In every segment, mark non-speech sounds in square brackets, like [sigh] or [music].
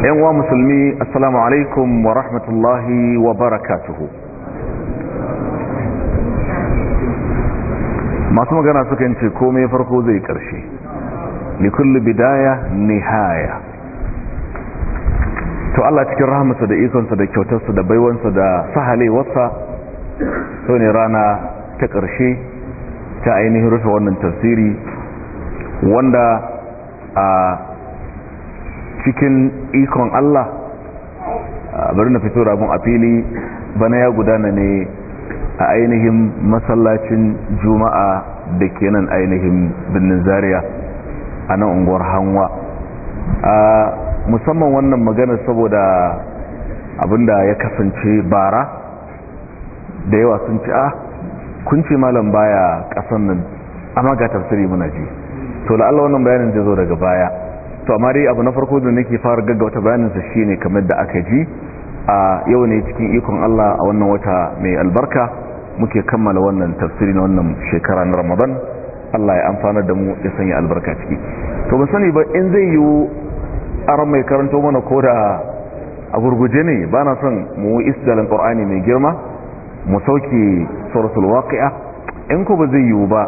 yan wa musulmi assalamu alaikum wa rahmatullahi wa barakatuhu masu magana suka ce komai farko zai karshe likulli bidaya nihaya to Allah cikin rahmatsa da ikonsa da kyautarsa da baiwansa da sahalewarsa so ne rana ta ƙarshe ta ainihin rufe wannan tafsiri wanda a cikin ikon Allah bari na fito rabin a fili bana ya gudana ne a ainihin masallacin juma'a da ke nan ainihin birnin zariya a nan unguwar hanwa a musamman wannan magana saboda abinda ya kasance bara da yawa sun ci a ah, kunci malam baya kasan nan amma ga tafsiri muna ji to la'alla wannan bayanin zai zo daga baya to amma dai abu na farko da nake fara gaggauta bayaninsa shine kamar da aka ji a yau ne cikin ikon Allah a wannan wata mai albarka muke kammala wannan tafsiri na wannan shekara na Ramadan Allah ya amfana da mu ya sanya albarka ciki to ba sani ba in zai yiwu aran mai karanto mana ko da a gurguje ne ba na son mu isdalan qur'ani mai girma mu sauke suratul waqi'a in ko ba zai yiwu ba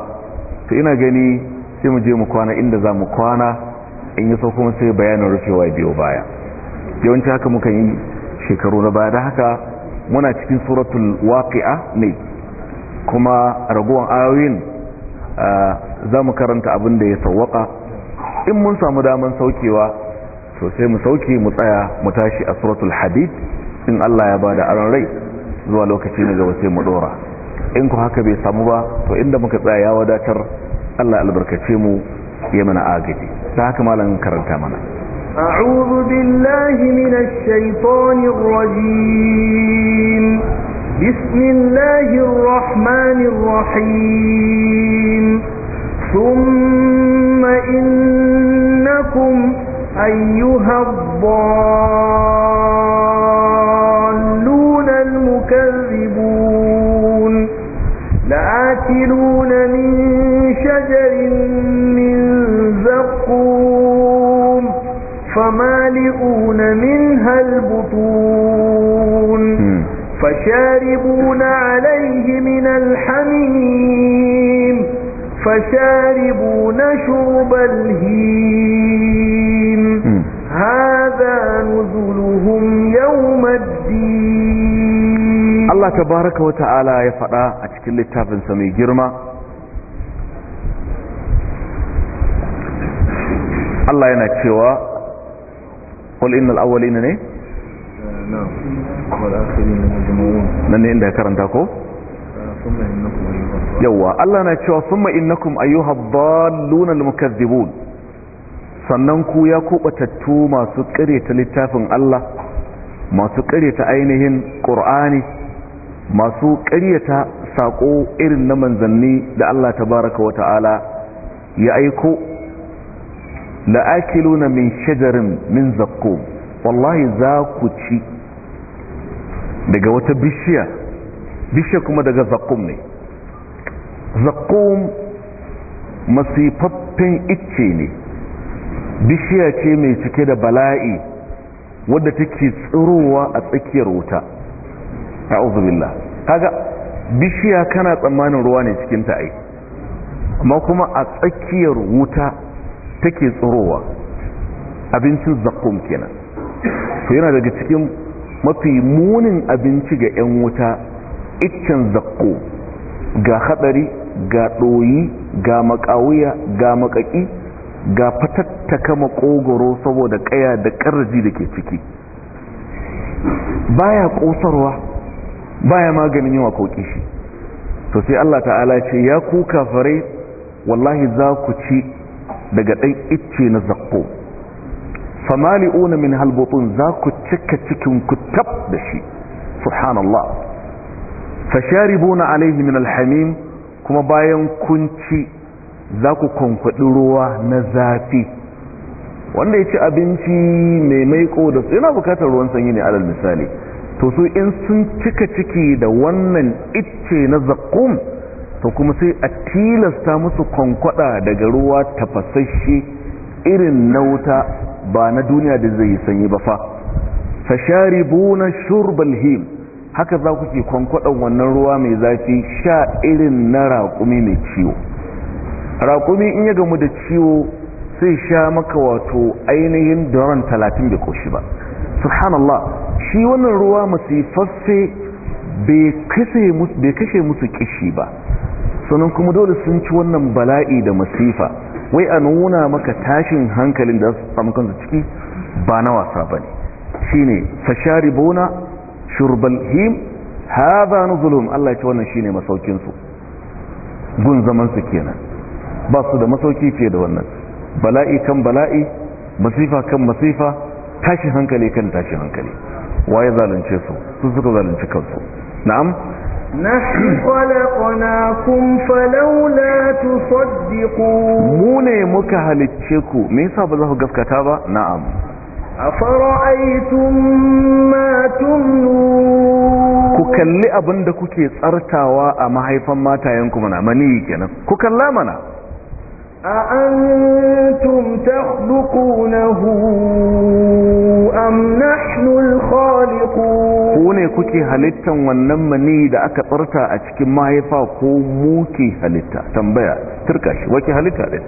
to ina gani sai mu je mu kwana inda za mu kwana in yi so kuma sai bayanin rufewa biyo baya yawanci haka muka yi shekaru na baya da haka muna cikin suratul waqi'a ne kuma raguwar ayoyin za mu karanta abin da ya sauwaka in mun samu daman saukewa to sai mu sauke mu tsaya mu tashi a suratul hadid in Allah ya ba da aron rai zuwa lokaci na gaba sai mu dora in ku haka bai samu ba to inda muka tsaya ya wadatar Allah albarkace mu ya mana agaji ما haka malamin karanta أعوذ بالله من الشيطان الرجيم بسم الله الرحمن الرحيم ثم إنكم أيها الضالين منها البطون فشاربون عليه من الحميم فشاربون شرب الهيم هذا نزلهم يوم الدين الله تبارك وتعالى يفعل أشكل التافن سمي جرمه Allah yana cewa qul innal awwalina ne nan ne inda ya karanta ko yawa Allah na cewa summa innakum ayyuhad dalluna almukaththibun sannan ku ya kubatattu masu ta littafin Allah masu ta ainihin ƙur'ani masu ƙaryata saƙo irin na manzanni da Allah tabaraka wa ta'ala ya aiko la'akiluna min shajarin min zakko wallahi za ku ci daga wata bishiya bishiya kuma daga zakkum ne zakkum masifaffen icce ne bishiya ce mai cike da bala'i wadda take tsirowa a tsakiyar wuta a billah kaga bishiya kana tsammanin ruwa ne cikin ai amma kuma a tsakiyar wuta take tsirowa abincin zakkum kenan to yana daga cikin mafi munin abinci ga 'yan wuta iccen zakko ga hadari ga ɗoyi ga makawuya ga makaki ga fatattaka makogoro saboda kaya da ƙarji da ke ciki baya ƙosarwa baya maganin yawa ko kishi to sai Allah ta'ala ce ya ku kafirai wallahi za ku ci daga ɗan icce na zakko famali'una min halbutun za ku cika cikin ku tab da shi subhanallah fasharibuna alaihi min alhamim kuma bayan kun ci za ku kwankwaɗi ruwa na zafi wanda ya ci abinci mai maiko da yana bukatar ruwan sanyi ne alal misali to su in sun cika ciki da wannan icce na zakkum to kuma sai a tilasta musu kwankwada daga ruwa tafasasshe irin na wuta ba na duniya da zai sanyi ba fa fasharibuna shurbal him haka za ku ke kwankwadan wannan ruwa mai zafi sha irin na raƙumi mai ciwo raƙumi in ya gamu da ciwo sai sha maka wato ainihin doron talatin bai koshi ba subhanallah shi wannan ruwa masifaffe bai kashe musu kishi ba sannan kuma dole sun ci wannan bala'i da masifa wai a nuna maka tashin hankalin da su samu kansu ciki ba na wasa ba ne shi ne bona shurbalhim haza zulum Allah ya ce wannan shi ne masaukinsu gun zamansu kenan ba su da masauki fiye da wannan bala'i kan bala'i masifa kan masifa tashin hankali kan tashin hankali waye zalunce su su suka zalunci kansu na'am na خلقناكم فلولا تصدقون mu ne muka halicce ku me yasa ba za ku gaskata ba na'am afara'aytum ma tumnun ku kalli abinda kuke tsartawa a mahaifan matayenku mana mani kenan ku kalla mana a antum takhluqunahu ne kuke halittan wannan mani da aka tsarta a cikin mahaifa ko muke halitta tambaya turka shi wace halitta ɗin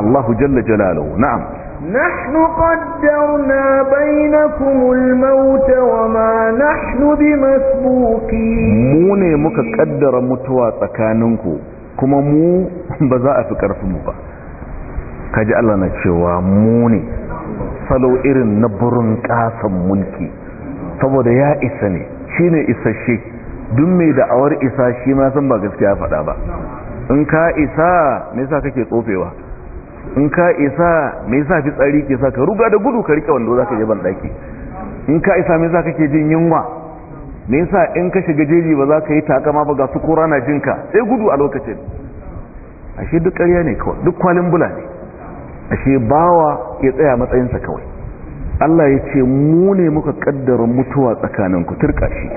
Allahu jalla jalaluhu na'am نحن قدرنا بينكم الموت وما نحن بمسبوقين mu ne muka kaddara mutuwa tsakaninku kuma mu [laughs] ba za a fi mu ba kaji Allah na cewa mu ne salo irin na burin kasan mulki saboda ya isa ne shi ne isasshe duk mai da'awar isa shi ma san ba gaskiya faɗa ba in ka isa me yasa kake tsofewa in ka isa me yasa fitsari ke sa ka ruga da gudu ka rike wando zaka je ban daki in ka isa me yasa kake jin yunwa me yasa in ka shiga jeji ba za ka yi takama ba ga su kora na jinka sai gudu a lokacin ashe duk ƙarya ne kawai duk kwalin bula ne ashe bawa ya tsaya matsayinsa kawai Allah ya ce mu ne muka kaddara mutuwa tsakaninku turka shi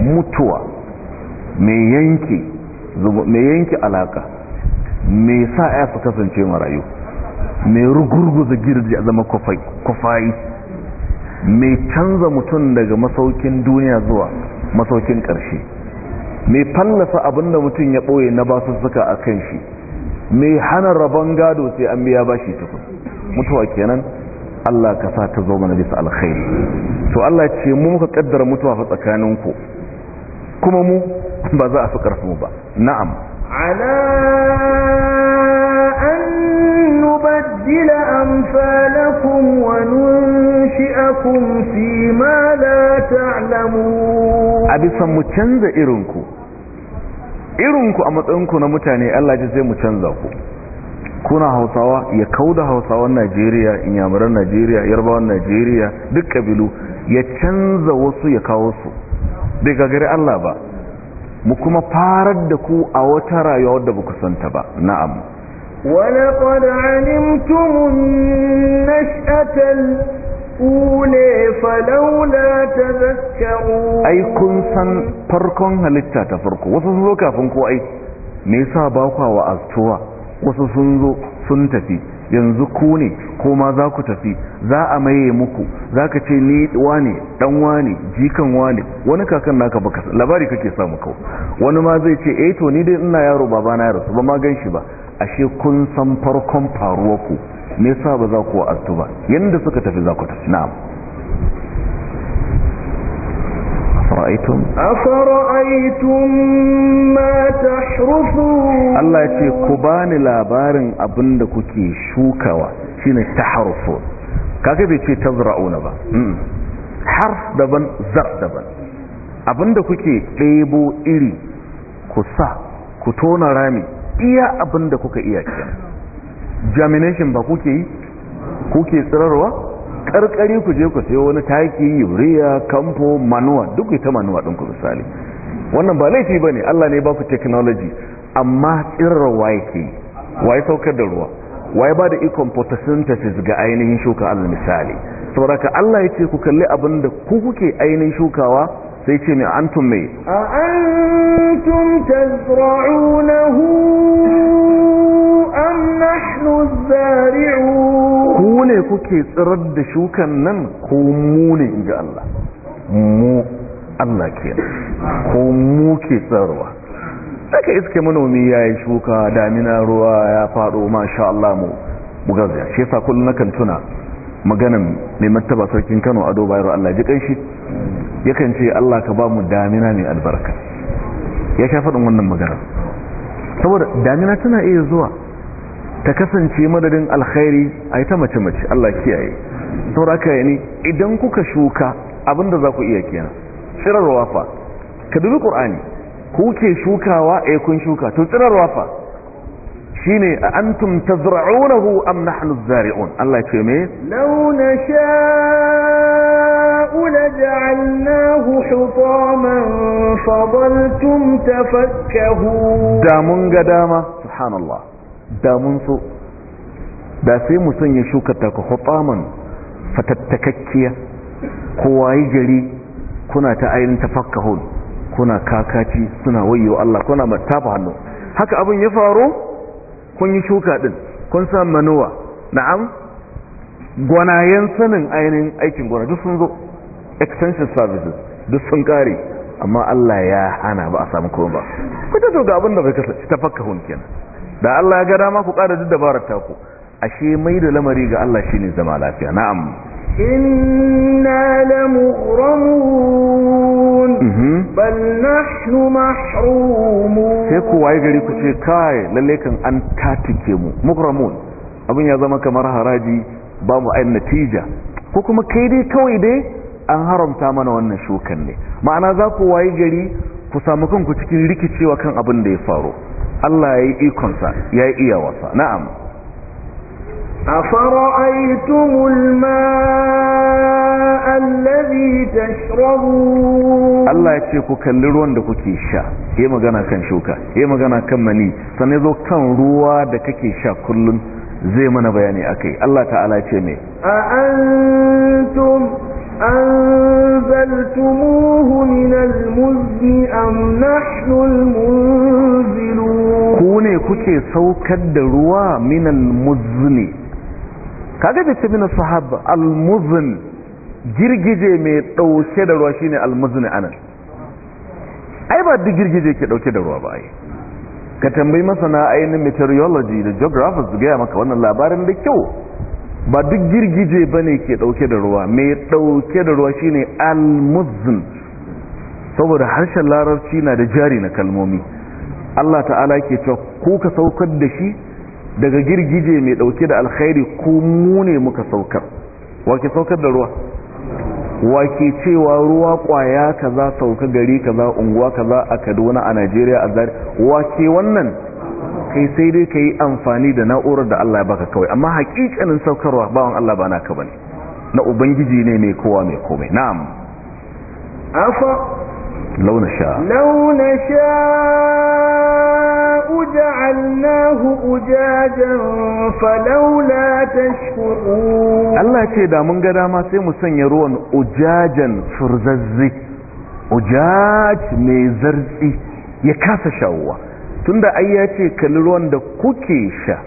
mutuwa mai yanke mai alaka mai sa ya su kasance marayu mai rugurguza girji a zama kwafayi mai canza mutum daga masaukin duniya zuwa masaukin ƙarshe mai fallasa abinda mutum ya ɓoye na basussuka a kan shi mai hana rabon gado sai an biya bashi tukun mutuwa kenan Allah ka sa ta zo mana bisa alkhairi to Allah ce mu muka kaddara mutuwa fa tsakaninku kuma mu ba za a fi karfin ba na'am ala an nubaddila amsalakum wa nunshi'akum fi ma la ta'lamun a bisa mu canza irinku irinku a matsayinku na mutane Allah ji zai mu canza ku kuna hausawa ya da hausawan najeriya inyamuran najeriya yarbawan najeriya duk kabilu ya canza wasu ya kawo su bai gagari allah ba mu kuma farar da ku a wata rayuwa wadda ba ku santa ba na'am wani ولقد علمتم النشأة الأولى فلولا تذكرون أي كن سن فرقون zo kafin ko فنكو أي ميسا باقوا وأزتوا wasu sun zo sun tafi yanzu ku ne ko ma za ku tafi za a maye muku za ka ce ni wa ne dan ne jikan wa ne wani kakan naka baka labari kake samu kawo wani ma zai ce eh to ni dai ina yaro baba na yaro ba ma gan shi ba ashe kun san farkon faruwa ku me yasa ba za ku wa'azu ba yanda suka tafi za ku tafi na'am أفرأيتم أفرأيتم ما تحرفون الله يقول كباني لابارن أبندك كي شوكوا شين تحرفون كيف يقول تزرعون با حرف دبن زر دبن أبندكوكي ɗebo iri ku sa ku tona rami iya abinda kuka iya kiyan germination ba kuke yi kuke tsirarwa Karkari ku je ku sayo wani taki yuriya kamfo manuwa duk ita manuwa din ku misali wannan ba laifi bane Allah ne ba ku technology amma tsirra waye ke waye saukar da ruwa waye ba da ikon photosynthesis ga ainihin shuka Allah misali saboda ka Allah ya ce ku kalli abin da ku kuke ainihin shukawa sai ce ne antum mai a antum tazra'unahu am nahnu zari'u ku ne kuke tsirar da shukan nan ko mu ne inji Allah mu Allah kenan ko mu ke tsarwa saka iske manomi yayi shuka damina ruwa ya fado masha Allah mu bugaza shi yasa kullun nakan tuna maganan mai martaba sarkin Kano Ado Bayero Allah ji kanshi yakan ce Allah ka ba mu damina mai albarka ya sha faɗin wannan magana saboda damina tana iya zuwa ta kasance madadin alkhairi a ta mace-mace Allah kiyaye sauraka yani idan kuka shuka abinda za ku iya kenan tsirarwa fa ka dubi ƙur'ani kuke shukawa a eh, kun shuka to tsirarwa fa shi ne a an tumta hu am hannu zari'un Allah ce me launa sha'u la ja'alnahu hutaman fadaltum fakka da mun ga dama subhanallah da mun so da sai mu sanya shuka ta ku hutaman fatattakakkiya ko wayi gari kuna ta ainihin tafakkahun kuna kakaci suna wayo Allah kuna matafa hannu haka abin ya faru kun yi shuka din kun sa manuwa na'am gwanayen sanin ainihin aikin gwanayen duk sun zo extension services duk sun kare amma Allah ya hana ba a samu kuma ba ta to ga abin da bai kasance tafakkahun kenan da Allah ya ga dama ku ƙara duk dabarar taku ashe mai da lamari ga Allah shine zama lafiya na'am inna lamuhramun mhm. bal nahnu mahrumun sai ku wai gari ku ce kai lalle kan an tatike mu mughramun abin ya zama kamar haraji babu ai natija ko kuma kai dai kawai dai an haramta mana wannan shukan ne ma'ana za ku wai gari ku samu kanku cikin rikicewa kan abin da ya faru Allah ya yi ikonsa ya yi iya wasa. na'am أفرأيتم الماء الذي تشربون Allah ya ce ku kalli ruwan da kuke sha yayi magana kan shuka yi magana kan mani sannan zo kan ruwa da kake sha kullum. zai mana bayani akai Allah ta'ala ce me a antum anzaltumuhu min almuzni am nahnu almunzilun ku ne kuke saukar da ruwa min almuzni kaga da cikin na sahaba almuzn girgije mai dauke da ruwa shine almuzni anan ai ba duk girgije ke dauke da ruwa ba ai ka tambayi masana ainihin meteorology da geographers su gaya maka wannan labarin da kyau ba duk girgije ba ne ke ɗauke da ruwa mai ɗauke da ruwa shine al muzin saboda harshen lararci na da jari na kalmomi Allah ta'ala ke cewa ko ka saukar da shi daga girgije mai ɗauke da alkhairi ko mu ne muka saukar wa ke saukar da ruwa wake cewa ruwa kwaya ka kaza sauka gari kaza unguwa ka za a kaduna a najeriya a zari wake wannan kai sai dai ka yi amfani da na'urar da allah ya baka kawai amma hakikanin saukarwa bawan allah ba naka bane na ubangiji ne mai kowa mai komai na'am afa launa sha جعلناه أجاجا فلولا تشكرون الله ce da mun ga dama sai mu sanya ruwan ujajan furzazzi ujaj mai zartsi ya kasa shawuwa tunda ai ya ce kalli ruwan da kuke sha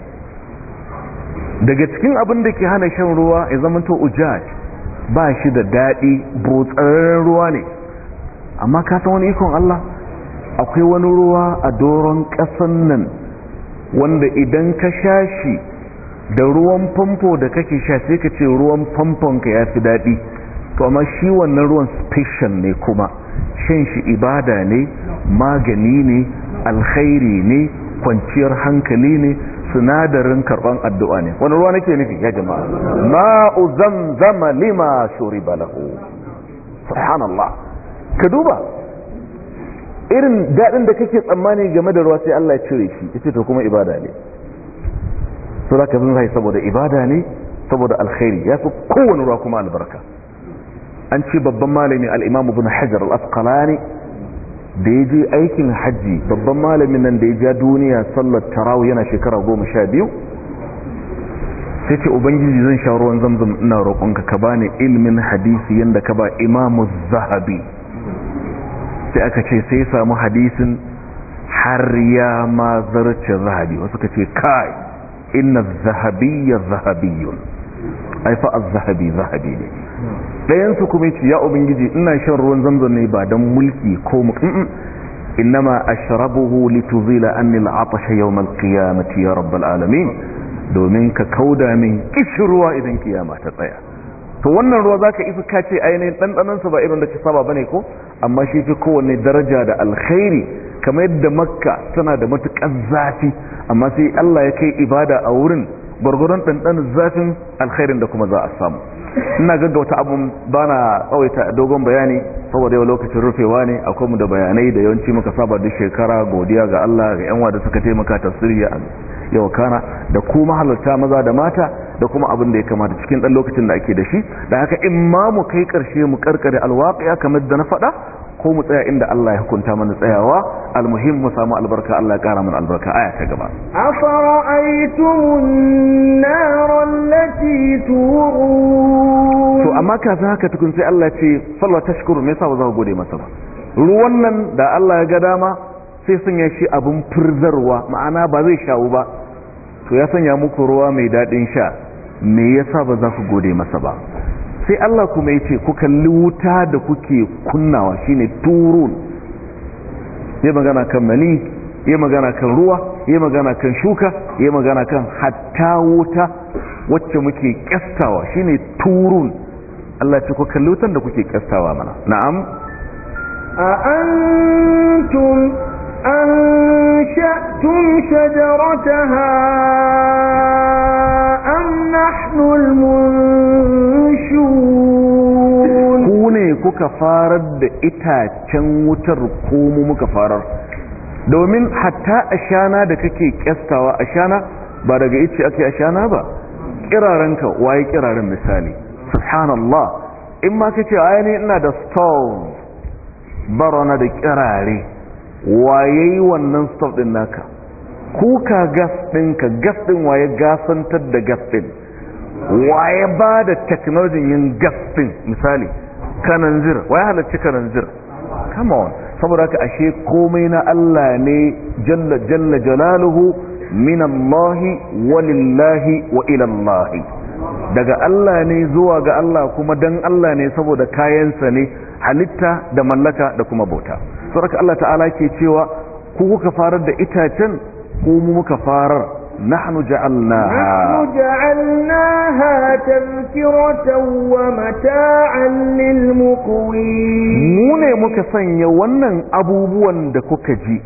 daga cikin abin da ke hana shan ruwa ya zama to ujaj ba shi da daɗi botsar ruwa ne amma ka san wani ikon Allah akwai wani ruwa a doron ƙasan nan wanda idan ka sha shi da ruwan famfo da kake sha sai ka ce ruwan famfonka ya fi daɗi to amma shi wannan ruwan special ne kuma shan shi ibada ne magani ne alkhairi ne kwanciyar hankali ne sinadarin karban addu'a ne wani ruwa nake nufi ya jama'a ma'u zama lima shuri balahu subhanallah ka duba irin daɗin da kake tsammani game da ruwa sai Allah ya cire shi yace to kuma ibada ne so zaka bin saboda ibada ne saboda alkhairi ya fi kowane ruwa kuma albarka an ce babban malami al bin Ibn Hajar al-Asqalani da ya je aikin hajji babban malamin nan da ya ja duniya sallar tarawih yana shekara goma sha biyu sai ce ubangiji zan sha ruwan zamzam ina roƙonka ka bani ilmin hadisi yanda ka ba imamu zahabi sai aka ce sai samu hadisin har ya ma zarce zahabi wasu ka ce kai zahabi ya zahabiyun aifa az-zahabi zahabi ne dayan su kuma ce ya ubangiji ina shan ruwan zamzam ne ba dan mulki ko mu innama ashrabuhu lituzila anni al-atasha yawm al mati ya rabbal alamin domin ka kauda min ruwa idan kiyama ta tsaya to wannan ruwa zaka isa ka ce ainihin ɗanɗanon sa ba irin da ke saba bane ko amma shi fi kowanne daraja da alkhairi kamar yadda makka tana da matukar zafi amma sai Allah ya kai ibada a wurin gwargwaron ɗanɗanon zafin alkhairin da kuma za a samu ina gaggauta abun ba na tsawaita dogon bayani saboda yau lokacin rufewa ne akwai mu da bayanai da yawanci muka saba duk shekara godiya ga Allah ga yan da suka taimaka tasiri ya wakana da ku halarta maza da mata da kuma abin da ya kamata cikin dan lokacin da ake da shi da haka in ma mu kai karshe mu karkare alwaqiya kamar da na faɗa ko mu tsaya inda Allah ya hukunta mana tsayawa almuhim mu samu albarka Allah ya kara mana albarka aya ta gaba aitum nar allati turun to amma kafin haka tukun sai Allah ce falla tashkuru me yasa ba za ku gode masa ba ruwan nan da Allah ya ga dama sai sanya shi abin firzarwa ma'ana ba zai shawo ba to ya sanya muku ruwa mai daɗin sha me yasa ba za ku gode masa ba sai Allah kuma ya ce ku kalli wuta da kuke kunnawa shine turun ya magana kan mani ya magana kan ruwa ya magana kan shuka ya magana kan hatta wuta wacce muke kyastawa shine turun Allah ce ku kalli wutan da kuke kyastawa mana na'am a antum أنشأتم شجرتها أم نحن kuka كوني da itacen wutar تنوتر قوم مكفارر domin hatta ashana da kake kyastawa ashana ba daga ice ake ashana ba kirarenka waye kiraren misali subhanallah in ma kace ai ina da stone barona da kirare waye wannan stop din naka kuka gas ɗinka gas ɗin ya gasantar da gas ɗin waye ba da technology yin gas ɗin misali kananzir waye halarci kananzir come on saboda ka ashe komai na Allah ne jalla jalla jalaluhu min Allah walillahi wa ila Allah daga Allah ne zuwa ga Allah kuma dan Allah ne saboda kayansa ne halitta da mallaka da kuma bauta sarka Allah ta'ala ke cewa ku kuka farar da itacen ko mu muka farar nahnu ja'alnaha nahnu ja'alnaha tadhkiratan wa mata'an lil muqwin mu ne muka sanya wannan abubuwan da kuka ji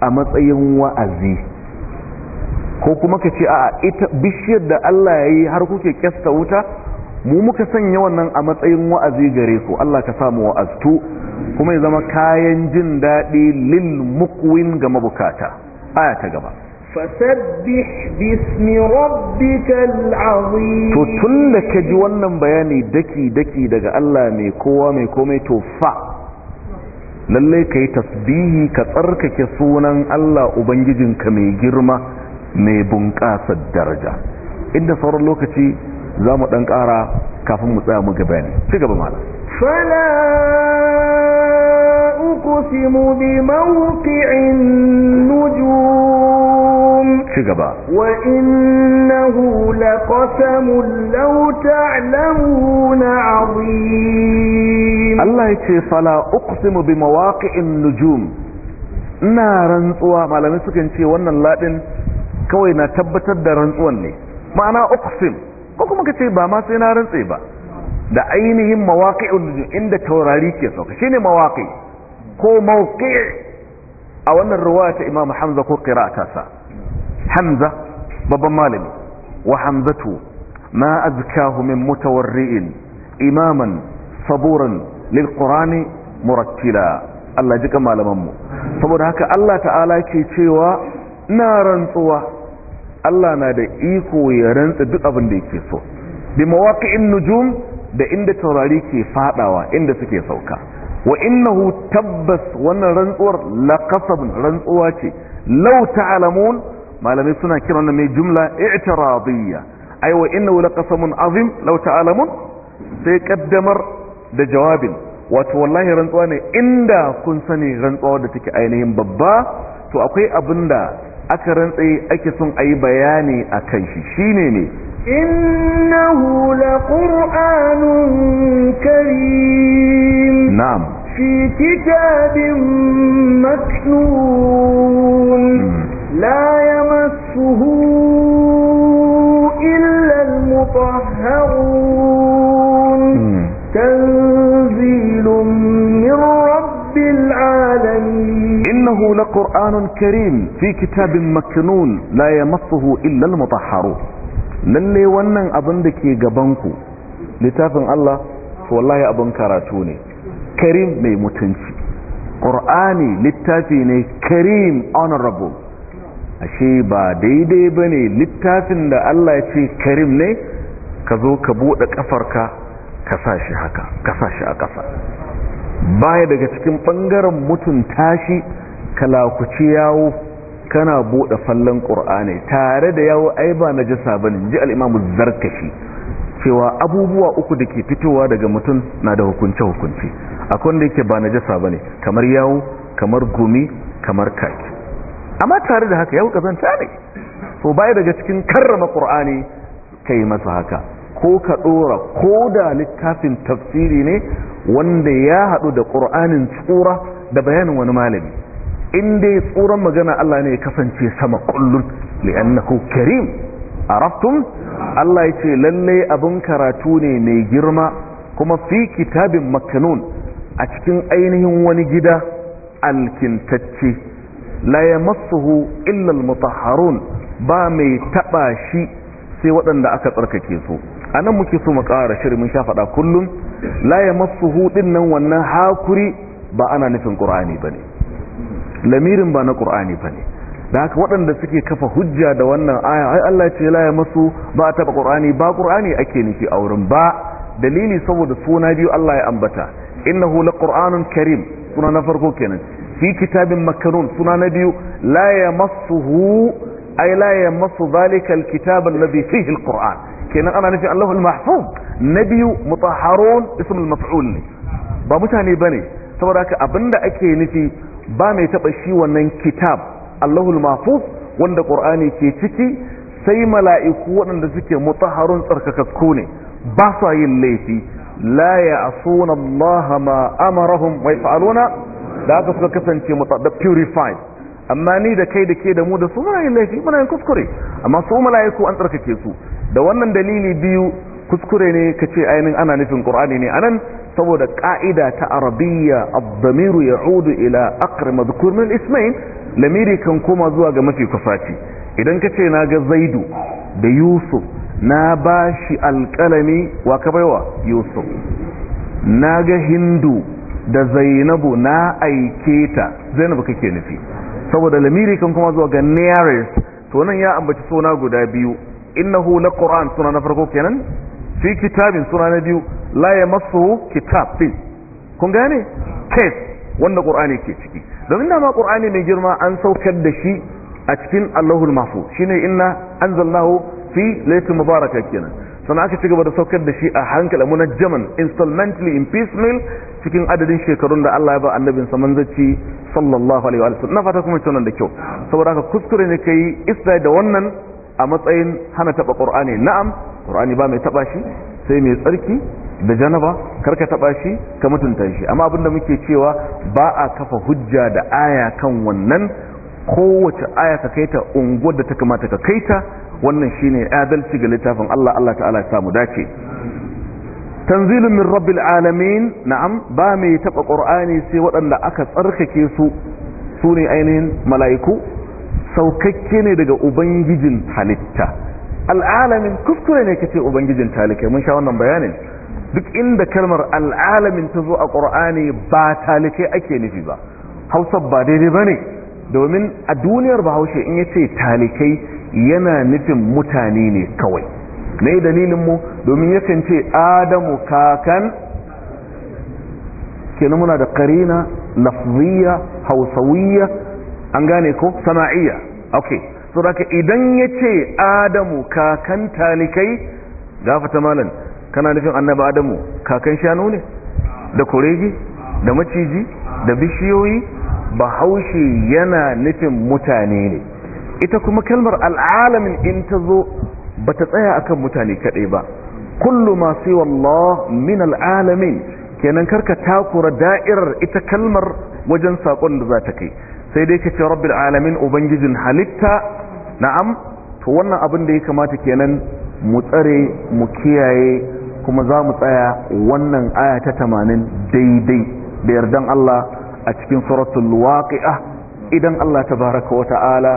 a matsayin wa'azi ko kuma ka ce a ita bishiyar da Allah yayi har kuke kyasta wuta mu muka sanya wannan a matsayin wa'azi gare su Allah ka samu wa'aztu kuma ya zama kayan jin daɗi lil muqwin ga mabukata aya ta gaba fasabbih bismi rabbikal azim to tun da ka ji wannan bayani daki daki daga Allah mai kowa mai komai to fa lalle ka yi tasbihi ka tsarkake sunan Allah ubangijinka mai girma mai bunƙasa daraja inda sauran lokaci za mu ɗan ƙara kafin mu tsaya mu ga bayani ci gaba mana fala uqsimu bi mawqi'in nujum ci gaba wa innahu laqasamun law ta'lamuna 'azim Allah yace fala uqsimu bi mawaqi'in nujum ina rantsuwa malamai sukan ce wannan ladin kawai na tabbatar da rantsuwan ne ma'ana uqsim ko kuma ka ce ba ma sai na rantse ba da ainihin mawaƙi'un inda taurari ke sauka shine mawaƙi ko mawqi a wannan ruwaya ta Imam Hamza ko qira'ata sa Hamza babban malami wa Hamzatu ma azkahu min mutawarri'in imaman saburan lil qur'ani murattila Allah jika malaman mu saboda haka Allah ta'ala ke cewa na rantsuwa Allah na da iko ya rantsa duk abin da yake so bi mawaqi'in nujum da inda taurari ke fadawa inda suke sauka wa innahu tabbas wannan rantsuwar laqasabun rantsuwa ce law ta'lamun malamai suna kiran mai jumla i'tiradiyya ay wa innahu laqasamun azim law ta'lamun sai kaddamar da jawabin wato wallahi rantsuwa ne inda kun sani rantsuwa da take ainihin babba to akwai abinda aka rantse ake son a yi bayani a kan shi shine ne innahu laqur'anun karim na'am fi kitabin maknun hmm. la yamassuhu illa al-mutahharun hmm. tanzilun min rabbil إنه لقرآن كريم في كتاب مكنون لا يمصه إلا المطهرون lalle wannan abin da ke gabanku littafin Allah wallahi abin karatu ne karim mai mutunci ƙur'ani littafi ne karim honorable ashe ba daidai ba ne littafin da Allah ya ce karim ne ka zo ka buɗe ƙafarka ka sa shi a ƙasa baya daga cikin ɓangaren mutunta shi kalakuci yawo kana bude fallon qur'ani tare da yawo ai ba najasa bane ji al-imamu zarkashi cewa abubuwa uku da ke fitowa daga mutum na da hukunce hukunci akwai da yake ba najasa bane kamar yawo kamar gumi kamar kaki amma tare da haka yawo kazanta ne so baya daga cikin karrama qur'ani kai masa haka ko ka dora ko da littafin tafsiri ne wanda ya haɗu da ƙur'anin tsura da bayanin wani malami Inda ya tsoron magana Allah ne ya kasance sama kullum li'annahu karim araftum Allah ya ce lalle abin karatu ne mai girma kuma fi kitabin makanun a cikin ainihin wani gida alkintacce la yamassuhu illal Harun ba mai taba shi sai waɗanda aka tsarkake su nan muke so mu ƙara shirin mun sha faɗa kullum la ɗin nan wannan hakuri ba ana nufin Ƙura'ani ba ne. lamirin ba na qur'ani bane da haka waɗanda suke kafa hujja da wannan aya ai Allah ce la ya masu ba taɓa qur'ani ba qur'ani ake nufi a wurin ba dalili saboda suna biyu Allah ya ambata innahu qur'anun karim suna na farko kenan fi kitabin makanun suna na biyu la ya masuhu ai la ya masu zalika alkitab alladhi fihi alquran kenan ana nufi Allahu almahfuz na biyu mutahharun ismul maf'ul ba mutane bane saboda haka abinda ake nufi ba mai taba shi wannan kitab Allahul Mahfuz wanda Qur'ani ke ciki sai mala'iku waɗanda suke mutaharun tsarkakakku ne ba su yin laifi la ya'suna Allah ma amarahum wa yaf'aluna da aka suka kasance da purified amma ni da kai da ke da mu da su muna yin laifi muna yin kuskure amma su mala'iku an tsarkake su da wannan dalili biyu kuskure ne kace ainin ana nufin Qur'ani ne anan saboda ka'ida ta arabiyya abdamiru ya ya'udu ila akari madhkur min ismain lamiri kan koma zuwa ga mafi kusaci idan kace na ga zaidu da yusuf na ba shi alkalami wa ka baiwa yusuf na ga hindu da zainabu na aike ta zainabu kake nufi saboda lamiri kan koma zuwa ga nearest to nan ya ambaci suna guda biyu innahu na qur'an suna na farko kenan fi kitabin suna na biyu la ya masu kitab kun gane case wanda ƙur'ani ke ciki domin dama ma mai girma an saukar da shi a cikin allahul mahfuz shine inna zallahu fi laifin mubaraka kenan sannan aka ci gaba da saukar da shi a hankali munajjaman installmentally in piecemeal cikin adadin shekarun da Allah ya ba annabin samanzaci manzaci sallallahu alaihi wa sallam na fata kuma tunan da kyau saboda haka kuskure ne kai isra da wannan a matsayin hana taba qur'ani na'am qur'ani ba mai taba shi sai mai tsarki da janaba karka taba shi ka mutunta shi amma abin da muke cewa ba a kafa hujja da aya kan wannan kowace aya ka kaita unguwar da ta kamata ka kaita wannan shine adalci ga littafin Allah Allah ta'ala ya samu dace tanzilun min rabbil alamin na'am ba mai taba qur'ani sai waɗanda aka tsarkake su sune ainihin mala'iku saukakke ne daga ubangijin halitta al'alamin kuskure ne kace ubangijin talikai mun sha wannan bayanin duk inda kalmar al'alamin ta zo a qur'ani ba talikai ake nufi ba hausa ba daidai bane domin a duniyar bahaushe in yace talikai yana nufin mutane ne kawai ne dalilin mu domin yakan ce adamu kakan kenan muna da karina lafziya hausawiyya an gane ko sana'iyya okay suraka idan ya ce adamu kakan talikai gafata malam kana nufin annaba adamu kakan shanu ne da kuregi da maciji da bishiyoyi bahaushe yana nufin mutane ne ita kuma kalmar al'alamin in ta zo ba ta tsaya akan mutane kaɗai ba kullu ma siwa Allah min al'alamin kenan karka takura da'irar ita kalmar wajen saƙon da za ta kai sai dai kace ce rabbil alamin ubangijin halitta na'am to wannan abin da ya kamata kenan mu tsare mu kiyaye kuma za mu tsaya wannan aya ta tamanin daidai da yardan Allah a cikin suratul waqi'ah idan Allah tabaraka wa ta'ala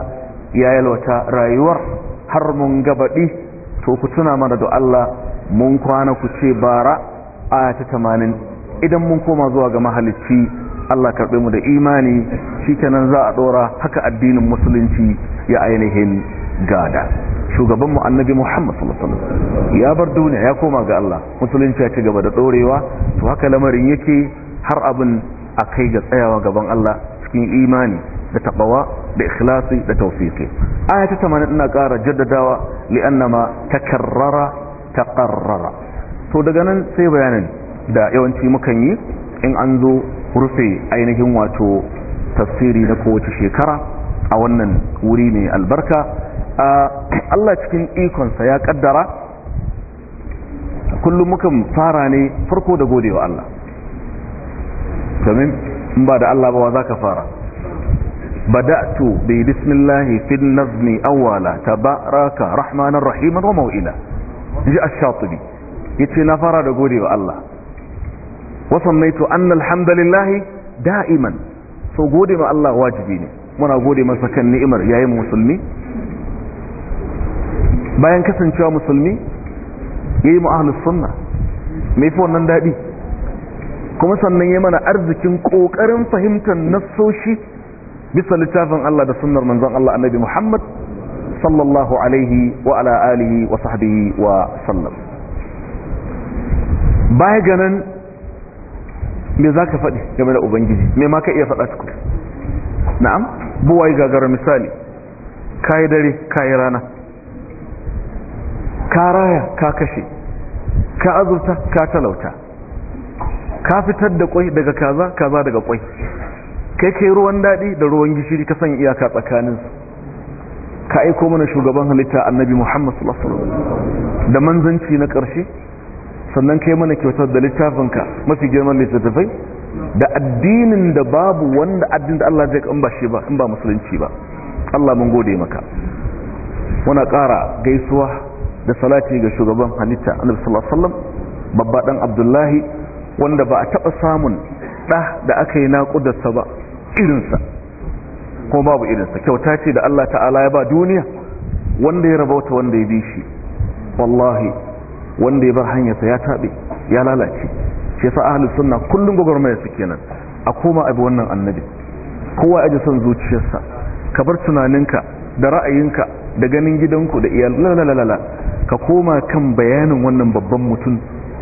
ya yalwata rayuwar har mun gabaɗi to ku tuna mana da Allah mun kwana ku ce bara aya ta tamanin idan mun koma zuwa ga mahalicci Allah karɓe mu da imani shikenan za a ɗora haka addinin musulunci ya ainihin gada shugabanmu annabi Muhammad sallallahu alaihi wasallam ya bar duniya ya koma ga Allah musulunci ya ci gaba da ɗorewa to haka lamarin yake har abin a kai ga tsayawa gaban Allah cikin imani da taɓawa da ikhlasi da tawfiqi aya ta 80 ina ƙara jaddadawa li'annama takarrara taqarrara to daga nan sai bayanin da yawanci mukan yi in an zo rufe ainihin wato tafsiri na kowace shekara a wannan wuri mai albarka Allah cikin ikonsa ya kaddara kullum mukan fara ne farko da godewa Allah domin in ba da Allah ba za ka fara بدأت ببسم الله في النظم أولا تبارك رحمن الرحيم وموئلا جاء na fara da godewa Allah. wasammaitu annal hamdalillah da'iman so gode ma Allah wajibi ne muna gode masa kan ni'imar yayin musulmi bayan kasancewa musulmi yayi mu ahlus sunna me fi wannan dadi kuma sannan yayi mana arzikin kokarin fahimtar nassoshi bisa littafin Allah da sunnar manzon Allah annabi Muhammad sallallahu alaihi wa ala alihi wa sahbihi wa sallam baya ganin me za ka faɗi game da ubangiji me ma ka iya faɗa cikin na'am yi gagara misali ka yi dare ka yi rana ka raya ka kashe ka azurta ka talauta ka fitar da kwai daga kaza kaza daga kwai kai kai ruwan daɗi da ruwan gishiri ka sanya iyaka tsakaninsu ka aiko mana shugaban halitta annabi muhammad sallallahu alaihi da manzanci na ƙarshe sannan kai mana kyautar da littafinka mafi girman littattafai da addinin da babu wanda addinin da Allah zai kamba shi ba in ba musulunci ba Allah mun gode maka muna ƙara gaisuwa da salati ga shugaban halitta annabi sallallahu alaihi wasallam babba dan Abdullahi wanda ba a taba samun da da aka yi naƙudarsa ba irinsa ko babu irinsa kyauta ce da Allah ta'ala ya ba duniya wanda ya rabauta wanda ya bi shi wallahi wanda ya bar hanyarsa ya taɓe ya lalace shi yasa ahlus sunna kullum gwagwarmaya su kenan a koma abu wannan annabi kowa ya ji son zuciyarsa ka bar tunaninka da ra'ayinka da ganin gidanku da iyal lalalala ka koma kan bayanin wannan babban mutum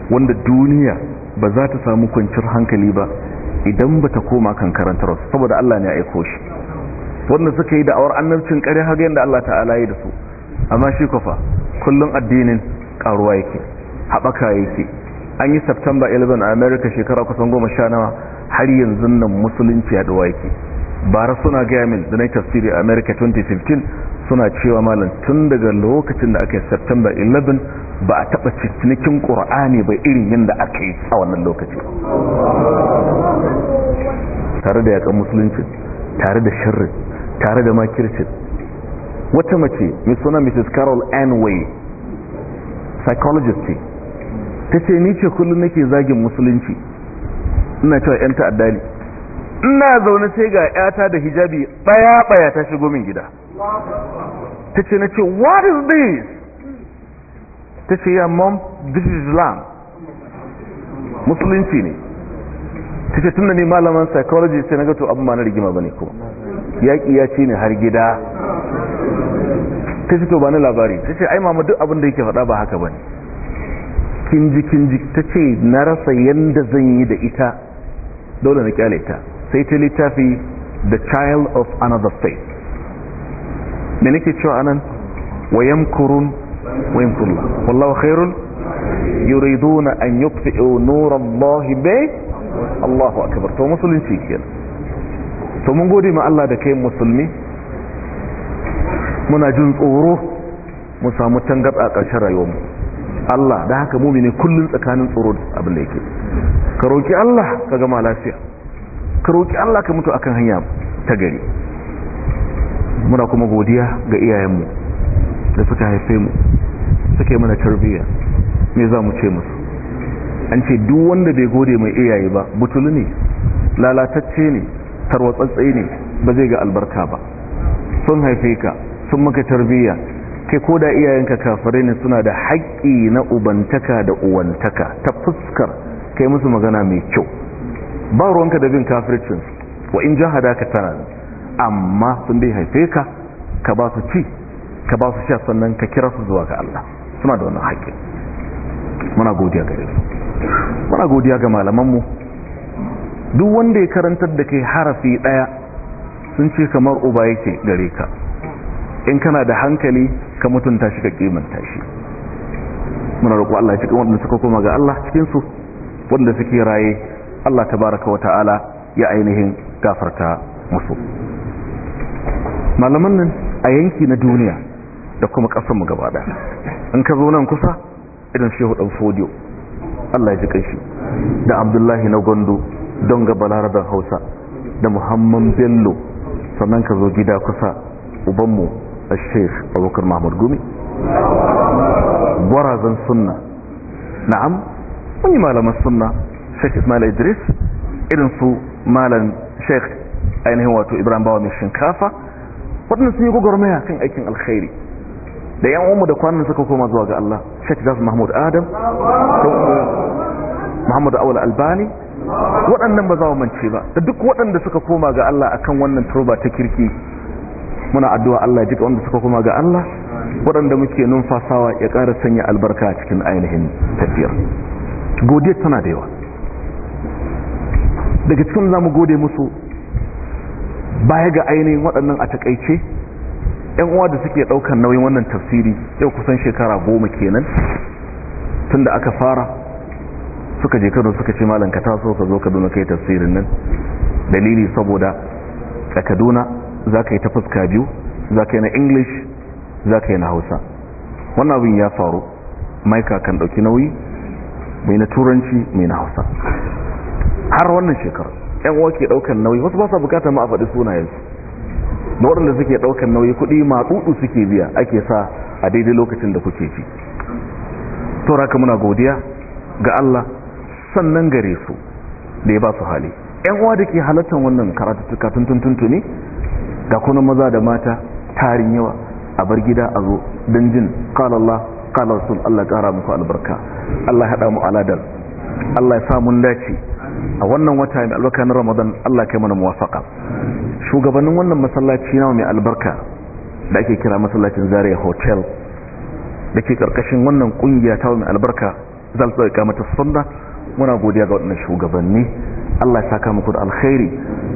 wanda duniya ba za ta samu kwanciyar hankali ba idan ba ta koma kan karantarwa saboda Allah ne ya aiko shi wanda suka yi da'awar annabcin ƙarya haga yadda Allah ta'ala yi da su amma shi kwafa kullum addinin karuwa yake haɓaka yake an yi september 11 a america shekara kusan goma sha nawa har yanzu nan musulunci a duwa yake bara suna gaya min da na tafsiri a america 2015 suna cewa malam tun daga lokacin da aka yi september 11 ba a taɓa cinikin ƙura'ani ba irin yadda aka yi a wannan lokaci tare da yakan musulunci tare da shirin tare da makircin wata mace mai suna mrs carol anway psychologist ce ta ce ni ce kullum nake zagin musulunci ina cewa 'yan ta'adda ne ina zaune sai ga 'yata da hijabi baya-baya ta shigo min gida ta ce na ce what is this ta ce ya mom this is islam musulunci ne ta ce tun da ne malaman psychology sai na gato abin ma na rigima ba ne kuma yaƙi ya ce ne har gida ta fito ba ni labari ta ce ai mama duk abin da yake faɗa ba haka bane kinji kinji ta ce na rasa yanda zan yi da ita dole na kyale ta sai ta littafi the child of another faith me nake cewa anan wa kurun wa yamkurullah wallahu khairul yuriduna an yutfi'u nurallahi bi Allahu akbar to musulunci kenan to mun gode ma Allah da kai musulmi muna jin tsoro mu samu tangarɗa a ƙarshen rayuwarmu Allah da haka mu ne kullun tsakanin tsoro abin da yake ka roki Allah ka gama lafiya ka roki Allah ka mutu akan hanya ta gari muna kuma godiya ga iyayenmu da suka haife mu suka mana tarbiyya me za mu ce musu an ce duk wanda bai gode mai iyaye ba butulu ne lalatacce ne tarwatsatsai ne ba zai ga albarka ba sun haife ka sun maka tarbiyya kai ko da iyayenka kafirai ne suna da haƙƙi na ubantaka da uwantaka ta fuskar kai musu magana mai kyau ba ruwanka da bin kafircin wa in hada ka tana amma sun dai haife ka ka ba su ci ka ba su sha sannan ka kira su zuwa ga Allah suna da wannan haƙƙi muna godiya gare su muna godiya ga malamanmu duk wanda ya karantar da kai harafi ɗaya sun ce kamar uba yake gare ka in kana da hankali ka mutunta shi ka kimanta shi muna roƙo Allah cikin waɗanda suka koma ga Allah cikin su waɗanda suke raye Allah tabaraka wa ta'ala ya ainihin gafarta musu malaman nan a yanki na duniya da kuma ƙasar mu gaba da in ka zo nan kusa irin shehu dan fodiyo Allah ya ji shi. da Abdullahi na Gondo don ga Balaraben Hausa da Muhammad Bello sannan ka zo gida kusa ubanmu a sheikh abubakar mahmud gumi barazan sunna na'am mun yi malaman sunna sheikh ismail idris irin su malam sheikh ainihin wato ibrahim bawa mai shinkafa waɗanda sun yi gwagwarmaya kan aikin alkhairi da yan umu da kwanan suka koma zuwa ga Allah Sheikh Jasu Mahmud Adam don Muhammad Awul Albani waɗannan ba za mu mance ba da duk waɗanda suka koma ga Allah akan wannan turba ta kirki muna addu'a Allah jika wanda suka kuma ga Allah waɗanda muke numfasawa ya ƙara sanya albarka cikin ainihin tafiyar godiya tana da yawa daga cikin za mu gode musu baya ga ainihin waɗannan a taƙaice yan uwa da suke ɗaukar nauyin wannan tafsiri yau kusan shekara goma kenan tun da aka fara suka je kano suka ce malam ka taso ka zo kaduna kai tafsirin nan dalili saboda a kaduna za ka yi ta fuska biyu za ka yi na english za ka yi na hausa wannan abin ya faru maika kan ɗauki nauyi mai na turanci mai na hausa har wannan shekaru yan uwa ke ɗaukan nauyi wasu ba sa bukata ma a faɗi sunayensu na waɗanda suke ɗaukan nauyi kuɗi ma matsuɗu suke biya ake sa a daidai lokacin da kuke ci tora ka muna godiya ga Allah sannan gare su da ya ba su hali yan uwa da ke halattar wannan karatuttuka tuntun tuntuni da kuna maza da mata tarin yawa a bar gida a zo don jin kala Allah kala rasul Allah kara muku albarka Allah haɗa mu aladar Allah ya samun dace a wannan wata mai albarka na Ramadan Allah kai mana muwafaka shugabannin wannan masallaci na mai albarka da ake kira masallacin Zaria Hotel da ke karkashin wannan kungiya ta mai albarka za su mata sunna muna godiya ga wannan shugabanni Allah ya saka muku da alkhairi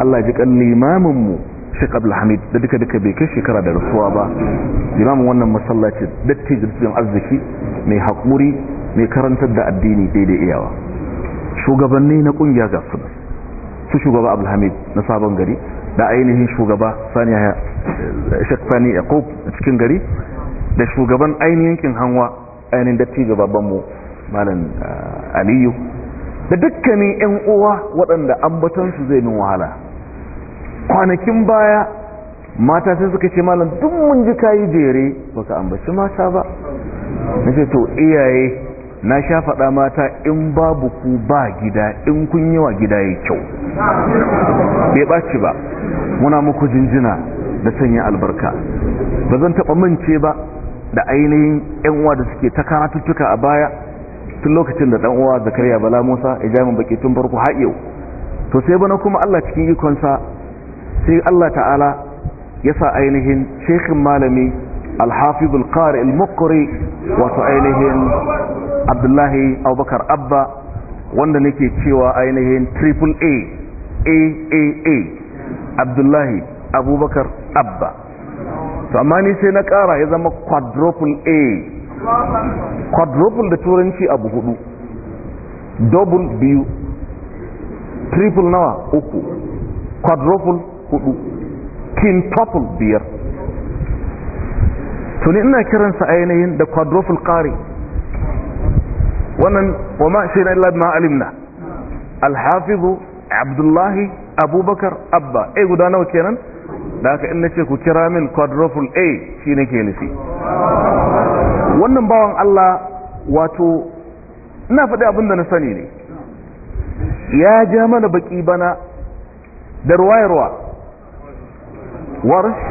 Allah ya ji kan limamin mu Sheikh Abdul Hamid da duka duka bai kai shekara da rasuwa ba limamin wannan masallaci dattijo jirgin arziki mai hakuri mai karantar da addini daidai iyawa shugabanni na kungiya ga su su shugaba Abdul na sabon gari da ainihin shugaba Sani ya eh, Sheikh Sani Yaqub cikin gari da shugaban ainihin kin hanwa ainihin baban mu malam eh, Aliyu da dukkanin 'yan uwa waɗanda ambatansu zai min wahala kwanakin baya mata sai suka ce malam duk mun ji kayi jere baka ambaci mata ba na ce to iyaye na sha faɗa mata in babu ku ba gida in kun yi wa gida ya kyau bai ɓaci ba muna muku jinjina da sanya albarka ba zan taɓa mance ba da ainihin 'yan uwa da suke ta karatuttuka a baya tun lokacin da uwa zakariya bala musa ya jami baki tun farko har yau to sai bana kuma allah cikin ikonsa sai Allah ta'ala ya sa ainihin shekin malami alhafizul qari al wato ainihin abdullahi abubakar abba wanda nake cewa ainihin triple a a a a abdullahi abubakar abba to amma ni sai na ƙara ya zama quadruple a quadruple da turanci abu hudu double biyu triple nawa uku quadruple hudu quintuple biyar tuni ina kiran kiransa ainihin da quadruple qari wannan wa ma shi na illa ma alimna alhafizu abdullahi abubakar abba e guda nawa kenan da haka in nace ku kira min quadruple a shi ke nufi wannan bawan Allah wato ina faɗi abin na sani ne ya ja mana baki bana da ruwa-ruwa ورش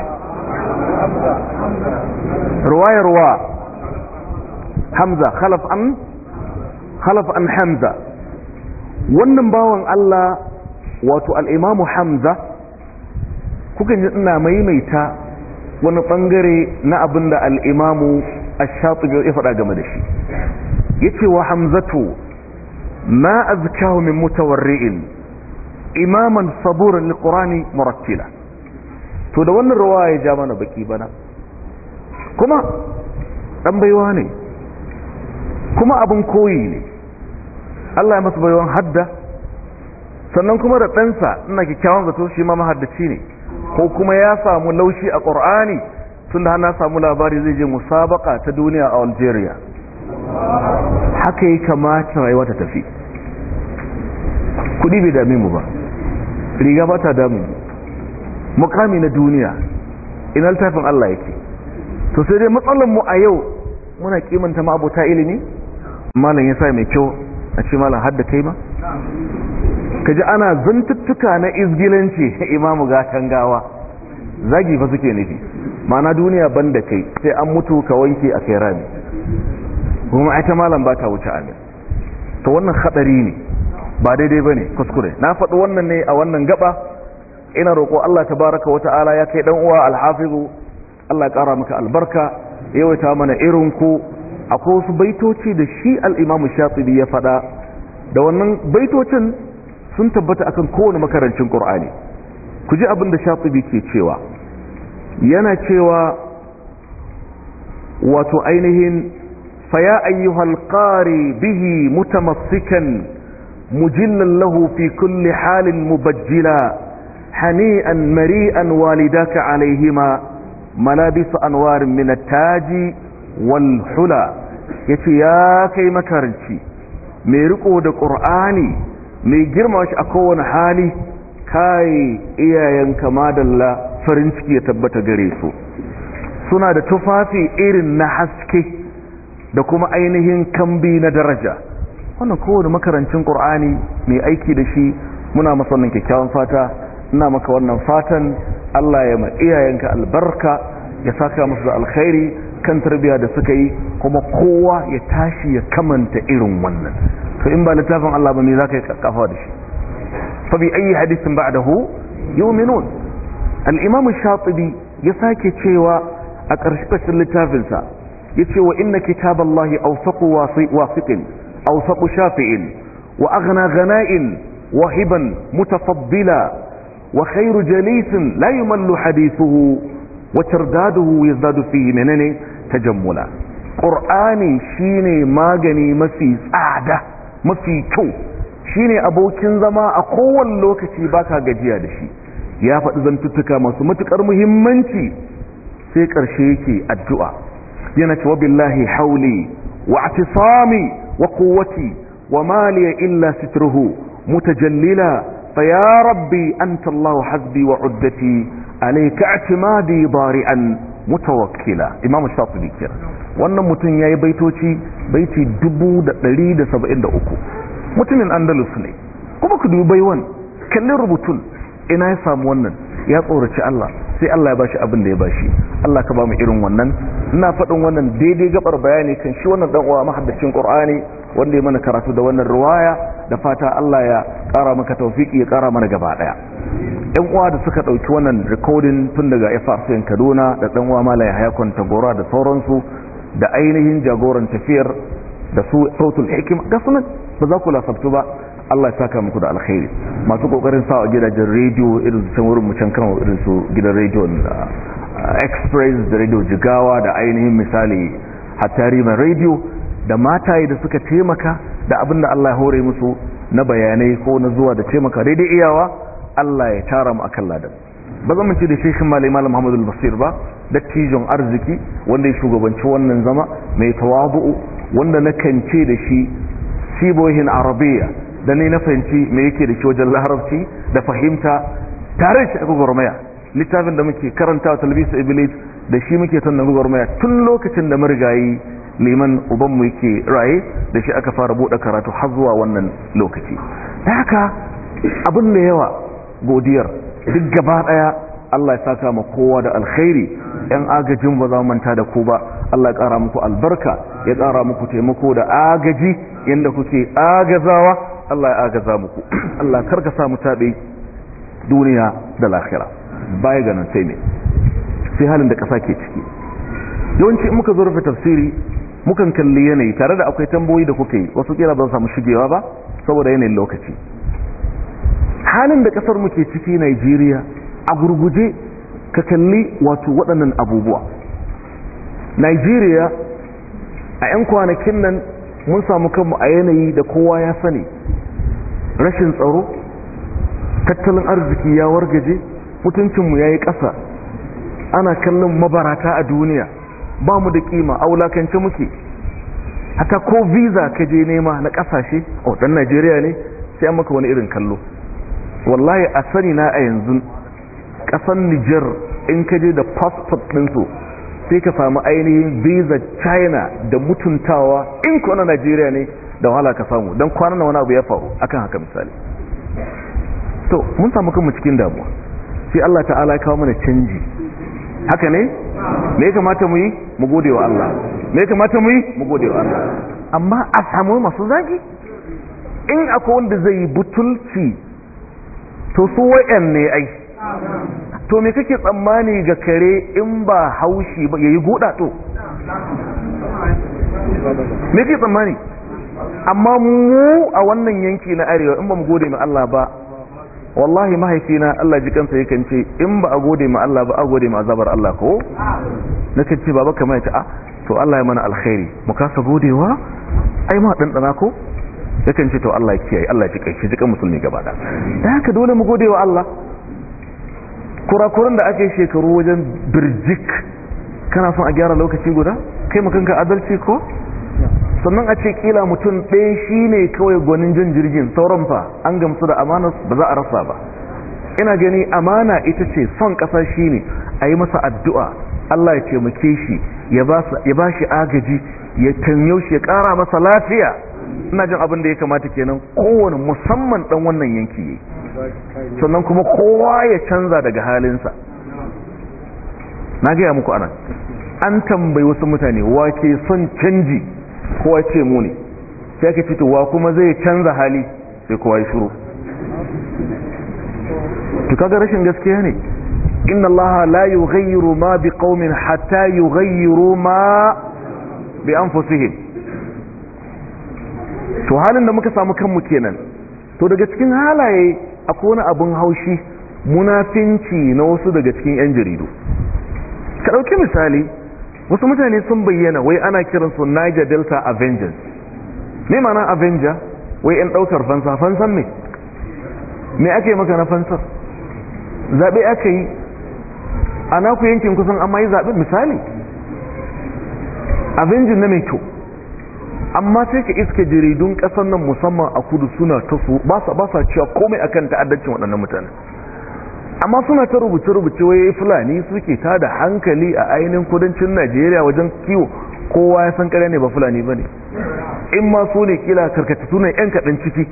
رواية رواء حمزة خلف أن خلف أن حمزة wannan bawan Allah wato al'imamu Hamza kuka ji ina maimaita wani ɓangare na abin da al'imamu a shafi ya faɗa game da shi ya ce wa Hamzatu ma azkahu min mutawarri'in imaman saburin liƙurani murattila to da wannan rawa ya ja mana baki bana kuma dan baiwa ne kuma abin koyi ne Allah ya masa baiwan hadda sannan kuma da ɗansa ina kyakkyawan zato shi ma mahaddaci ne ko kuma ya samu laushi a ƙur'ani tun da hana samu labari zai je musabaka ta duniya a algeria haka yi kamata rayuwa ta tafi kudi bai dami mu ba riga ba ta dami mu mukami na duniya ina littafin Allah yake to sai dai matsalar mu a yau muna kimanta ma abota ilimi malam yasa mai kyau a ce malam hadda kai ma kaji ana zantuttuka na izgilanci [laughs] imamu ga gawa zagi fa suke nufi mana duniya banda kai sai an mutu ka wanke a kai rami kuma ai ta malam ba ta wuce amin to wannan hadari ne ba daidai bane kuskure na faɗi wannan ne a wannan gaba ina roƙo Allah tabaraka wa ta'ala ya kai dan uwa alhafizu Allah ƙara maka albarka yawaita mana irin ku akwai wasu baitoci da shi al-Imam Shatibi ya faɗa da wannan baitocin sun tabbata akan kowane makarancin Qur'ani ku ji abin da Shatibi ke cewa yana cewa wato ainihin faya ayyuhal qari bihi mutamassikan mujillan lahu fi kulli halin mubajjila alaihima هنيئا مريئا والداك عليهما ملابس ya من التاج والحلى يتي يا كي مكرنشي ميرقو دا قرآني ميجرمش أكون حالي kai iyayenka madalla farin ciki ya tabbata gare su suna da tufafi irin na haske da kuma ainihin kambi na daraja wannan kowane makarancin ƙur'ani mai aiki da shi muna masanin kyakkyawan fata ina maka wannan fatan Allah ya ma iyayenka albarka ya saka musu da alkhairi kan tarbiyya da suka yi kuma kowa ya tashi ya kamanta irin wannan to in ba littafin Allah ba me zaka kafa da shi fa bi ayi hadithin ba'dahu yu'minun al-imam shatibi ya sake cewa a ƙarshen littafinsa sa yace wa inna kitaballahi awsaqu wasiqin awsaqu shafi'in wa aghna ghana'in wa hiban mutafaddila وخير جليس لا يمل حديثه وترداده يزداد فيه منني تجملا ƙur'ani shine magani mafi tsada mafi kyau shine abokin zama a kowane lokaci baka gajiya da shi ya faɗi zantuttuka masu matuƙar muhimmanci sai ƙarshe ke addu'a yana cewa billahi hauli wa atisami wa quwwati wa maliya illa sitruhu mutajallila فيا ربي أنت الله حسبي وعدتي عليك اعتمادي ضارعا متوكلا إمام الشاطبي كده wannan mutum ya yi baitoci baiti 173 mutumin andalus ne kuma ku dubi baiwan kallin rubutun ina ya samu wannan ya tsoraci Allah sai Allah ya bashi abin da ya bashi Allah ka ba mu irin wannan ina faɗin wannan daidai gabar bayani kan shi wannan ɗan uwa mahaddacin Qur'ani wanda ya mana karatu da wannan ruwaya da fata Allah ya kara maka taufiki ya kara mana gaba daya yan uwa da suka ɗauki wannan recording tun daga FRCN Kaduna da ɗan uwa Malam Yahaya Tagora da sauransu da ainihin jagoran tafiyar da su sautul hikima ga sunan ba za ku lasabtu ba Allah ya saka muku da alkhairi masu kokarin sawa gidajen rediyo irin su can wurin mu can kan irin su gidan rediyon uh, express da radio jigawa da ainihin misali hatta riman rediyo da mataye da suka taimaka da abin da Allah ya hore musu na bayanai ko na zuwa da taimaka daidai iyawa Allah ya tara mu akan ladan ba zan ci da shekin malai malam Muhammadu al-Basir ba dattijon arziki wanda ya shugabanci wannan zama mai tawadu wanda na kance da shi sibohin arabiya da ne na fahimci me yake da shi wajen larabci da fahimta tare shi a gwagwarmaya littafin da muke karanta wa iblis da shi muke tunan gwagwarmaya tun lokacin da marigayi liman ubanmu yake raye da shi aka fara buɗe karatu har zuwa wannan lokaci da haka abin da yawa godiyar duk gaba ɗaya Allah ya saka ma kowa da alkhairi ‘yan agajin ba za mu manta da ku ba Allah ya ƙara muku albarka ya ƙara muku taimako da agaji yadda kuke agazawa Allah ya agaza muku [clears throat] Allah karka sa mu tabe duniya da lahira baya nan sai ne sai halin da ƙasa ke ciki yawanci in muka zo rufe tafsiri mukan kalli yanayi tare da akwai tamboyi da kuka yi wasu kira ban samu shigewa ba saboda yanayin lokaci halin da kasar muke ciki Najeriya a gurguje ka kalli wato waɗannan abubuwa Najeriya a 'yan kwanakin nan mun samu kanmu a yanayi da kowa ya sani rashin tsaro tattalin arziki ya wargaje mutuncinmu ya yi ƙasa ana kallon mabarata a duniya ba mu da kima a wulakance muke haka ko visa ka je nema na kasashe a dan najeriya ne sai an maka wani irin kallo wallahi a sani na a yanzu kasan niger in ka je da passport ɗinsu sai ka samu ainihin visa china da mutuntawa in kwana najeriya ne da wahala ka samu don kwanan wani abu ya faru akan haka misali to mun samu kanmu cikin damuwa sai allah ta'ala ya kawo mana canji haka ne me kamata mu yi mu gode wa Allah me kamata mu yi mu gode wa Allah amma a samu masu zagi in akwai wanda zai yi butulci to su wayan ne ai to me kake tsammani ga kare in ba haushi ba yayi goda to me kake tsammani amma mu a wannan yanki na arewa in ba mu gode ma Allah ba wallahi mahaifina Allah ji kansa yakan ce in ba a gode ma Allah ba a gode ma azabar Allah ko nakan ce baba kamar ta a ah, to Allah ya mana alkhairi mu kasa godewa ai ma dan dana ko yakan ce to Allah ya kiyaye Allah ya ji kai ji kan musulmi gaba da haka dole mu godewa Allah kurakuran da ake shekaru wajen birjik kana son a gyara lokaci guda kai mu kanka adalci ko sannan a ce kila mutum ɗaya shi ne kawai gwanin jin jirgin sauran fa an gamsu da amana ba za a rasa ba ina gani amana ita ce son ƙasa shi ne a yi masa addu'a Allah ya taimake shi ya ba shi agaji ya tanyo shi ya ƙara masa lafiya ina jin abin da ya kamata kenan kowane musamman ɗan wannan yanki yi sannan kuma kowa ya canza daga halinsa na gaya muku anan an tambayi wasu mutane wa ke son canji kowa ce mu ne sai ka fito wa kuma zai canza hali sai kowa yi shuru to kaga rashin gaskiya ne inna allaha la yughayyiru ma biqaumin hatta yughayyiru ma bi anfusihim to halin da muka samu kanmu kenan to daga cikin halaye akwai wani abun haushi munafinci na wasu daga cikin yan jaridu ka dauki misali wasu mutane sun bayyana wai ana kiransu niger delta avengers ne mana avenger wai yan daukar fansa fansan ne me ake maka na fansar zaɓe aka yi a naku yankin kusan amma yi zaɓe misali avenger na mai kyau amma sai ka iska jaridun ƙasar nan musamman a kudu suna ta su ba sa cewa komai akan ta'addancin waɗannan mutane amma suna ta rubuce-rubuce wai fulani suke ta da hankali a ainihin kudancin najeriya wajen kiwo kowa ya san kare ne ba fulani ba ne in ma su ne kila karkata sunan yan kaɗan ciki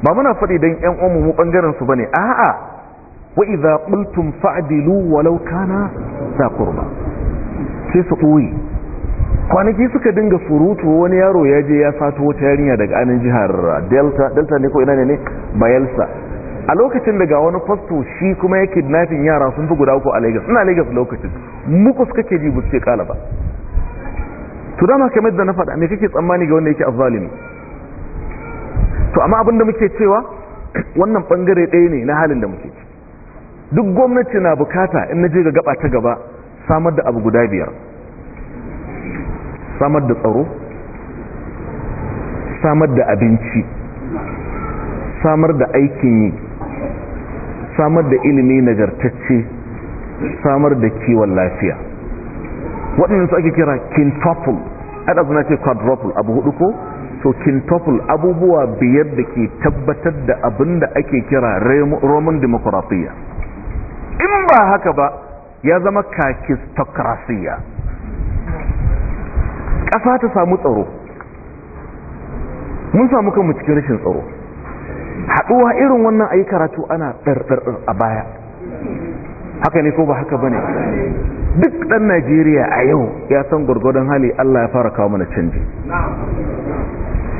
ba muna faɗi don yan omu mu ɓangaren su ba ne a'a wa iza qultum fa'dilu walau kana za sai su ɓoye kwanaki suka dinga furutu wani yaro ya je ya sato wata yarinya daga anan jihar delta delta ne ko ina ne ne bayelsa a lokacin daga wani fasto shi kuma ya kidnafin yara sun fi guda uku a lagos ina lagos lokacin muku suka ke jibu ce kala ba to dama kamar da na faɗa me kake tsammani ga wanda yake azzalimi to amma abin da muke cewa [clears throat] wannan bangare ɗaya ne na halin da muke ci duk gwamnati na bukata in na je ga gaba ta gaba samar da abu guda biyar samar da tsaro samar da abinci samar da aikin yi samar da ilimi nagartacce samar da kiwon lafiya waɗannan su ake kira quintuple ada suna ce quadruple abu hudu ko so quintuple abubuwa biyar da ke tabbatar da abin da ake kira roman demokuraɗiyya in ba haka ba ya zama kakistokrasiya ƙasa ta samu tsaro mun samu kanmu cikin rashin tsaro haɗuwa irin wannan a yi karatu ana ɗarɗarɗar a baya haka ne ko ba haka ba ne duk ɗan najeriya a yau ya san gwargwadon hali allah ya fara kawo mana canji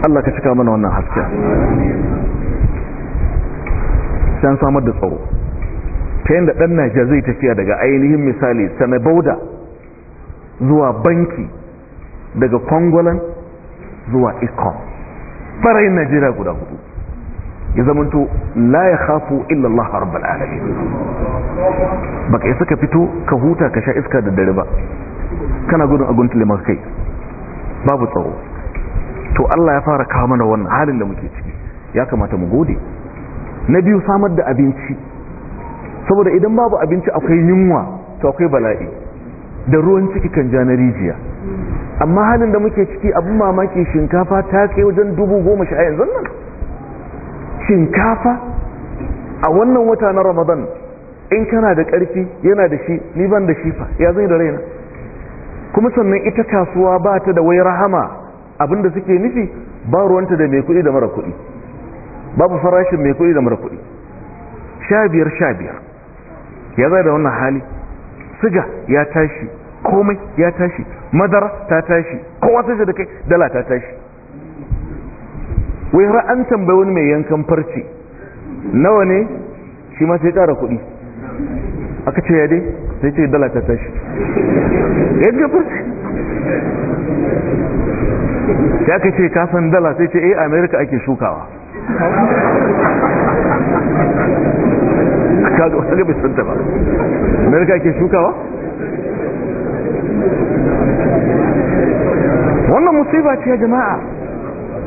allah ka cika mana wannan haske san samar da tsaro ta yadda ɗan najeriya zai tafiya daga ainihin misali sana bauda zuwa banki daga kwangwalan zuwa ikon farayin najeriya guda hudu ya zamanto la ya khafu illa Allah rabbul alamin baka isa ka fito ka huta ka sha iska da dare ba kana gudun a guntule maka kai babu tsaro to Allah ya fara kawo mana wannan halin da muke ciki ya kamata mu gode na biyu samar da abinci saboda idan babu abinci akwai yunwa to akwai bala'i da ruwan ciki kan ja na rijiya amma halin da muke ciki abin mamaki shinkafa ta kai wajen dubu goma sha yanzu nan shinkafa a wannan wata na ramadan in kana da ƙarfi yana da shi ni ban da shi fa ya zai da raina kuma sannan ita kasuwa ba ta da wai rahama abinda suke nufi ba ruwanta da mai kuɗi da mara kuɗi babu farashin mai kuɗi da mara kuɗi sha biyar sha biyar ya zai da wannan hali siga ya tashi komai ya tashi madara ta tashi kowa sai da kai dala ta tashi wai har an tambayi wani mai yankan farce nawa ne shi ma sai kara kuɗi aka ce ya dai sai ce dala ta tashi yankan farce sai ka ce kasan dala sai ce eh america ake shukawa [laughs] kaga america ake shukawa wannan musibaci ce jama'a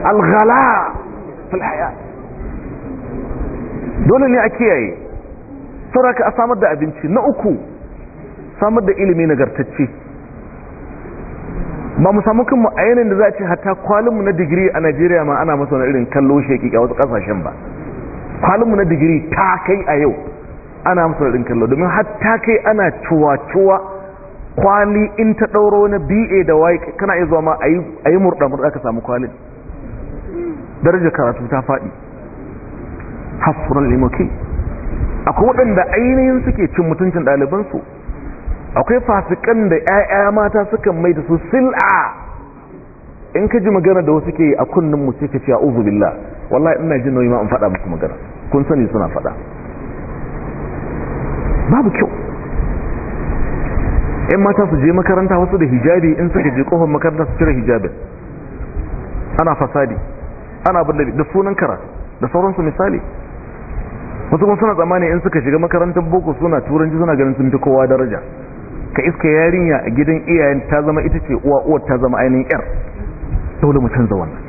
Alkala fil dole ne a kiyaye sauraka a samar da abinci na uku samar da ilimi nagartacce ba mu samu kanmu a yanayin da za a ce hata kwalinmu na digiri a najeriya ma ana masa wani irin kallo sheki a wasu kasashen ba kwalinmu na digiri ta kai a yau ana masa wani irin kallo domin hata kai ana cuwa-cuwa kwali in ta ɗauro na ba da waye kana iya zuwa ma a yi murɗa-murɗa ka samu kwalin darajar karatu ta faɗi hafsuran limoki akwai waɗanda ainihin suke cin mutuncin ɗalibansu akwai fasikan da 'ya'ya mata suka mai da su sil'a in ka ji magana da wasu ke a kunnen mu sai ka ce a'udhu billah wallahi ina jin nauyi ma an faɗa muku magana kun sani suna faɗa babu kyau In mata su je makaranta wasu da hijabi in suka je kofar makaranta su cire hijabin ana fasadi ana bin da sunan kara da sauransu misali wasu kuma suna tsammani in suka shiga makarantar boko suna turanci suna ganin sun fi kowa daraja ka iska yarinya a gidan iyayen ta zama ita ce uwa uwar ta zama ainihin yar dole mu canza wannan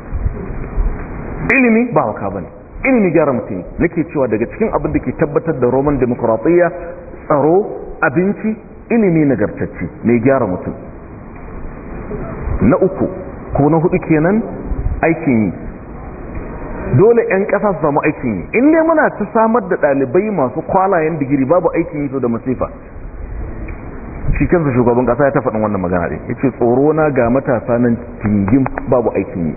ilimi ba waka bane ilimi gyara mutum nake cewa daga cikin abin da ke tabbatar da roman demokuratiyya tsaro abinci ilimi nagartacce mai gyara mutum na uku ko na hudu kenan aikin yi dole 'yan ƙasa su samu aikin yi in dai muna ta samar da ɗalibai masu kwalayen digiri babu aikin yi to da masifa shi kansa shugaban ƙasa ya tafaɗin wannan magana ɗin ya ce tsoro na ga matasa nan tingin babu aikin yi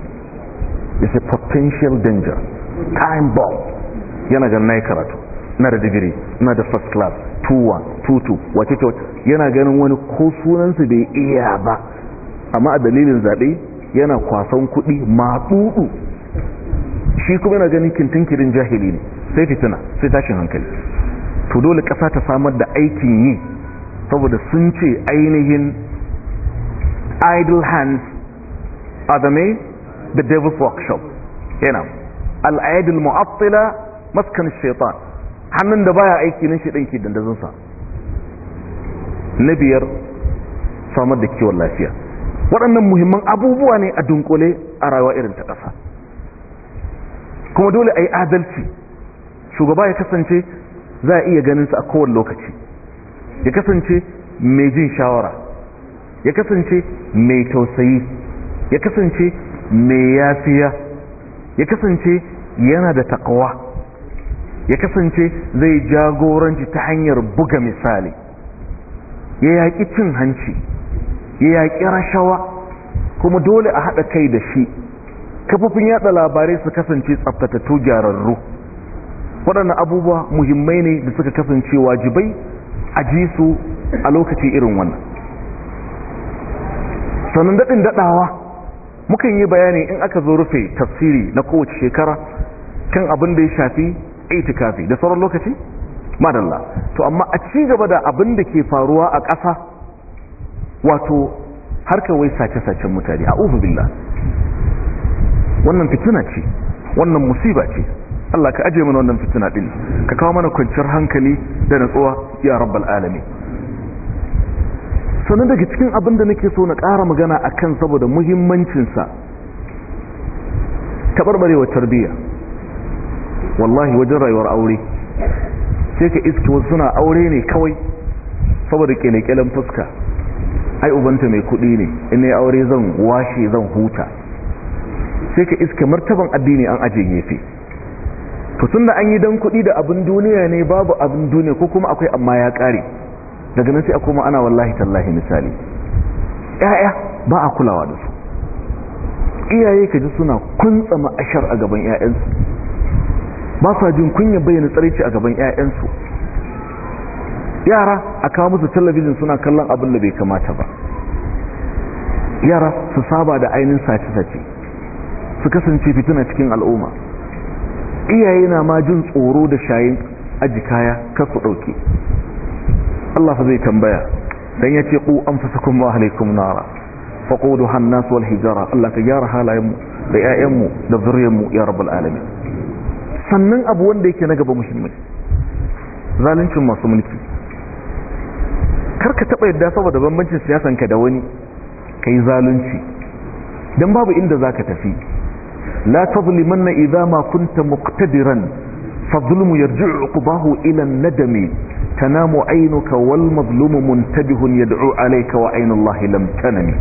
it's a potential danger time bomb yana ga na karatu na da digiri na da first class tuwa tutu wace ce yana ganin wani ko sunansa bai iya ba amma a dalilin zaɓe yana kwasan kuɗi maɗuɗu shi kuma yana ganin kintinkirin jahili ne sai fitina sai tashin hankali to dole ƙasa ta samar da aikin yi saboda sun ce ainihin idle hands are the main the devil's workshop yana al'adil mu'attila maskan shaitan hannun da baya aiki nan shi ɗanki dandazonsa na biyar samar da kiwon lafiya waɗannan muhimman abubuwa ne a dunkule a rayuwa irin ta ƙasa kuma dole a yi adalci shugaba ya kasance za a iya ganinsa a kowane lokaci ya kasance mai jin shawara ya kasance mai tausayi ya kasance mai yafiya ya kasance yana da takawa ya kasance zai jagoranci ta hanyar buga misali ya yaƙi cin hanci ya yaƙi rashawa kuma dole a haɗa kai da shi kafofin yada labarai su kasance tsaftatattu gyararru waɗannan abubuwa muhimmai ne da suka kasance wajibai a ji su a lokaci irin wannan sannan daɗin daɗawa mukan yi bayani in aka zo rufe tafsiri na kowace shekara kan abin da ya shafi itikafi da sauran lokaci madalla to amma a ci gaba da abin da ke faruwa a ƙasa wato harkar wai sace-sacen mutane a billah wannan fitina ce wannan musiba ce Allah ka aje mana wannan fitina din ka kawo mana kwanciyar hankali da natsuwa ya rabbal alamin sannan daga cikin abin da nake so na ƙara magana a kan saboda muhimmancinsa taɓarɓarewa tarbiyya wallahi wajen rayuwar aure sai ka iske wasu suna aure ne kawai saboda ƙyale ƙelen fuska ai ubanta mai kuɗi ne in ne aure zan washe zan huta sai ka iska martaban addini an aje gefe to tunda an yi dan kuɗi da abin duniya ne babu abin duniya ko kuma akwai amma ya ƙare daga nan sai a koma ana wallahi tallahi misali Yaya ba a kulawa da su iyaye ka ji suna kuntsa ma'ashar a gaban ƴaƴansu ba sa jin kunya bayyana tsarici a gaban ƴaƴansu yara a kawo musu talabijin suna kallon abin da bai kamata ba yara su saba da ainihin sace-sace su kasance fitina cikin al'umma iyaye na ma jin tsoro da shayin aji kaya kar ku ɗauke Allah fa zai tambaya dan yace ce ku an fasa kuma alaikum nara faƙodu nas wal hijara Allah ka gyara halayenmu da 'ya'yanmu da zuriyarmu ya rabbal alamin sannan abu wanda yake na gaba muhimmi zaluncin masu mulki karka taɓa yadda saboda bambancin siyasanka da wani ka zalunci don babu inda za ka tafi la tazlimanna idza ma kunta muqtadiran fadhlumu yarji'u uqbahu ila an-nadami tanamu aynuka wal mazlumu muntabihun yad'u alayka wa aynu allahi lam tanami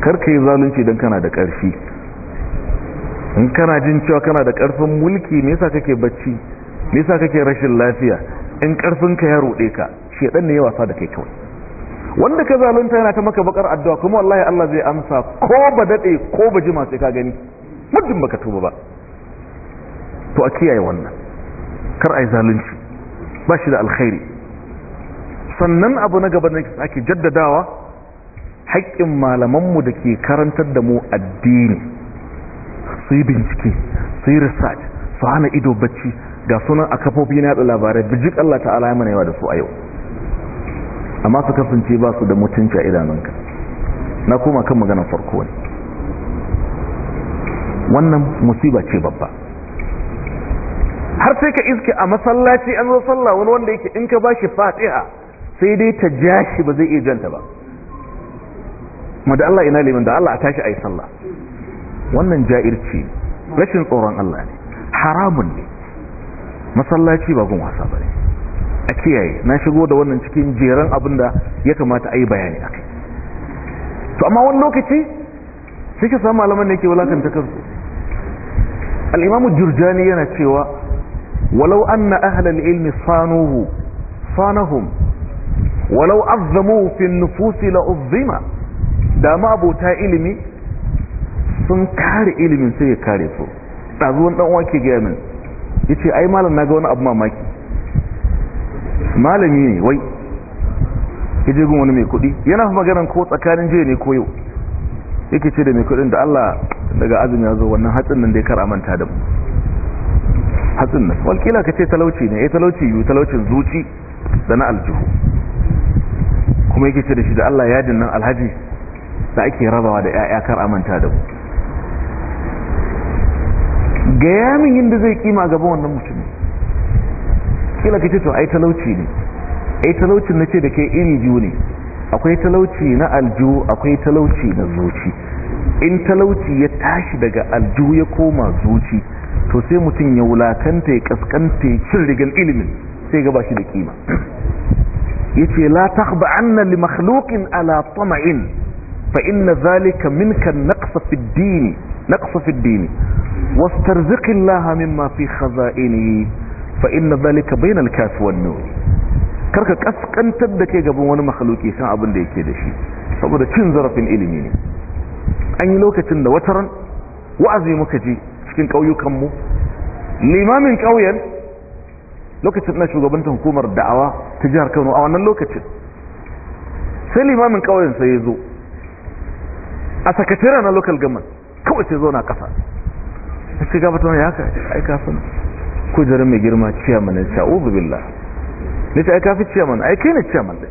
karka yi zalunci dan kana da karfi in kana jin cewa kana da karfin mulki me yasa kake bacci me yasa kake rashin lafiya in karfin ka ya rode ka shedan ne ya wasa da kai kawai wanda ka zalunta yana ta maka bakar addu'a kuma wallahi Allah zai amsa ko ba daɗe ko ba jima ka gani muddin baka tuba ba to a kiyaye wannan kar a zalunci ba shi da alkhairi sannan abu na gaba da ake jaddadawa haƙƙin malamanmu da ke karantar da mu addini su yi bincike su yi research su hana ido bacci ga sunan a kafofi na yada labarai bijik Allah ta'ala ya mana yawa da su a yau amma su kasance ba su da mutunci a idanunka na koma kan maganar farko ne wannan musiba ce babba har sai ka iske a masallaci an zo sallah wani wanda yake in ka bashi fatiha sai dai ta ja ba zai iya janta ba ma da Allah ina limin da Allah a tashi a yi sallah wannan ja'irci rashin tsoron Allah ne haramun ne masallaci ba gun wasa ba ne a kiyaye na shigo da wannan cikin jeren abin da ya kamata a yi bayani a kai to amma wani lokaci sai ka samu malaman da yake wulakanta kansu al'imamu jirjani yana cewa walau anna ahlal ilmi sanuhu walau azzamu fi nufusi la da ma'abota abota ilimi sun kare ilimin sai ya kare su ɗazuwan ɗan gaya min ya ce ai malam na ga wani abu mamaki malami ne wai ya je gun wani mai kuɗi yana fi magana ko tsakanin jiya ne ko yau yake ce da mai kudin da Allah daga azumi ya zo wannan hatsin nan dai kar a manta da mu hatsin nan walƙila ka ce talauci ne ya eh, talauci yiwu talaucin zuci da na aljihu kuma yake ce da shi da Allah yadin nan alhaji da ake rabawa da 'ya'ya kar a manta da mu ga yamin yadda zai kima gaba wannan mutum kila ka ce to ai talauci ne ai eh, talaucin na ce da ke iri biyu ne akwai talauci na aljihu akwai talauci na zuci in talauci ya tashi daga aljihu ya koma zuci to sai mutum ya wulakanta ya kaskanta ya cin rigar ilimin sai gaba shi da kima [clears throat] Ya ce la takhba anna li makhluqin ala tama'in fa inna zalika min naqsa fi ad naqsa fi ad-din wastarziq mimma fi fa inna zalika bayna al-kaf karka kaskantar da ke gaban wani makhluki san abin da yake da shi saboda cin zarafin ilimi ne an yi lokacin da wata ran wa'azi muka ji cikin ƙauyukanmu limamin ƙauyen lokacin na shugabantar hukumar da'awa ta jihar kano a wannan lokacin sai limamin ƙauyen sai ya zo a sakatare na local government kawai sai zo na ƙasa sai gabata ya ka aika sun kujerar mai girma ciyaman sha'ubu billah nita ai kafi fi ciyaman ai kai ne ciyaman dai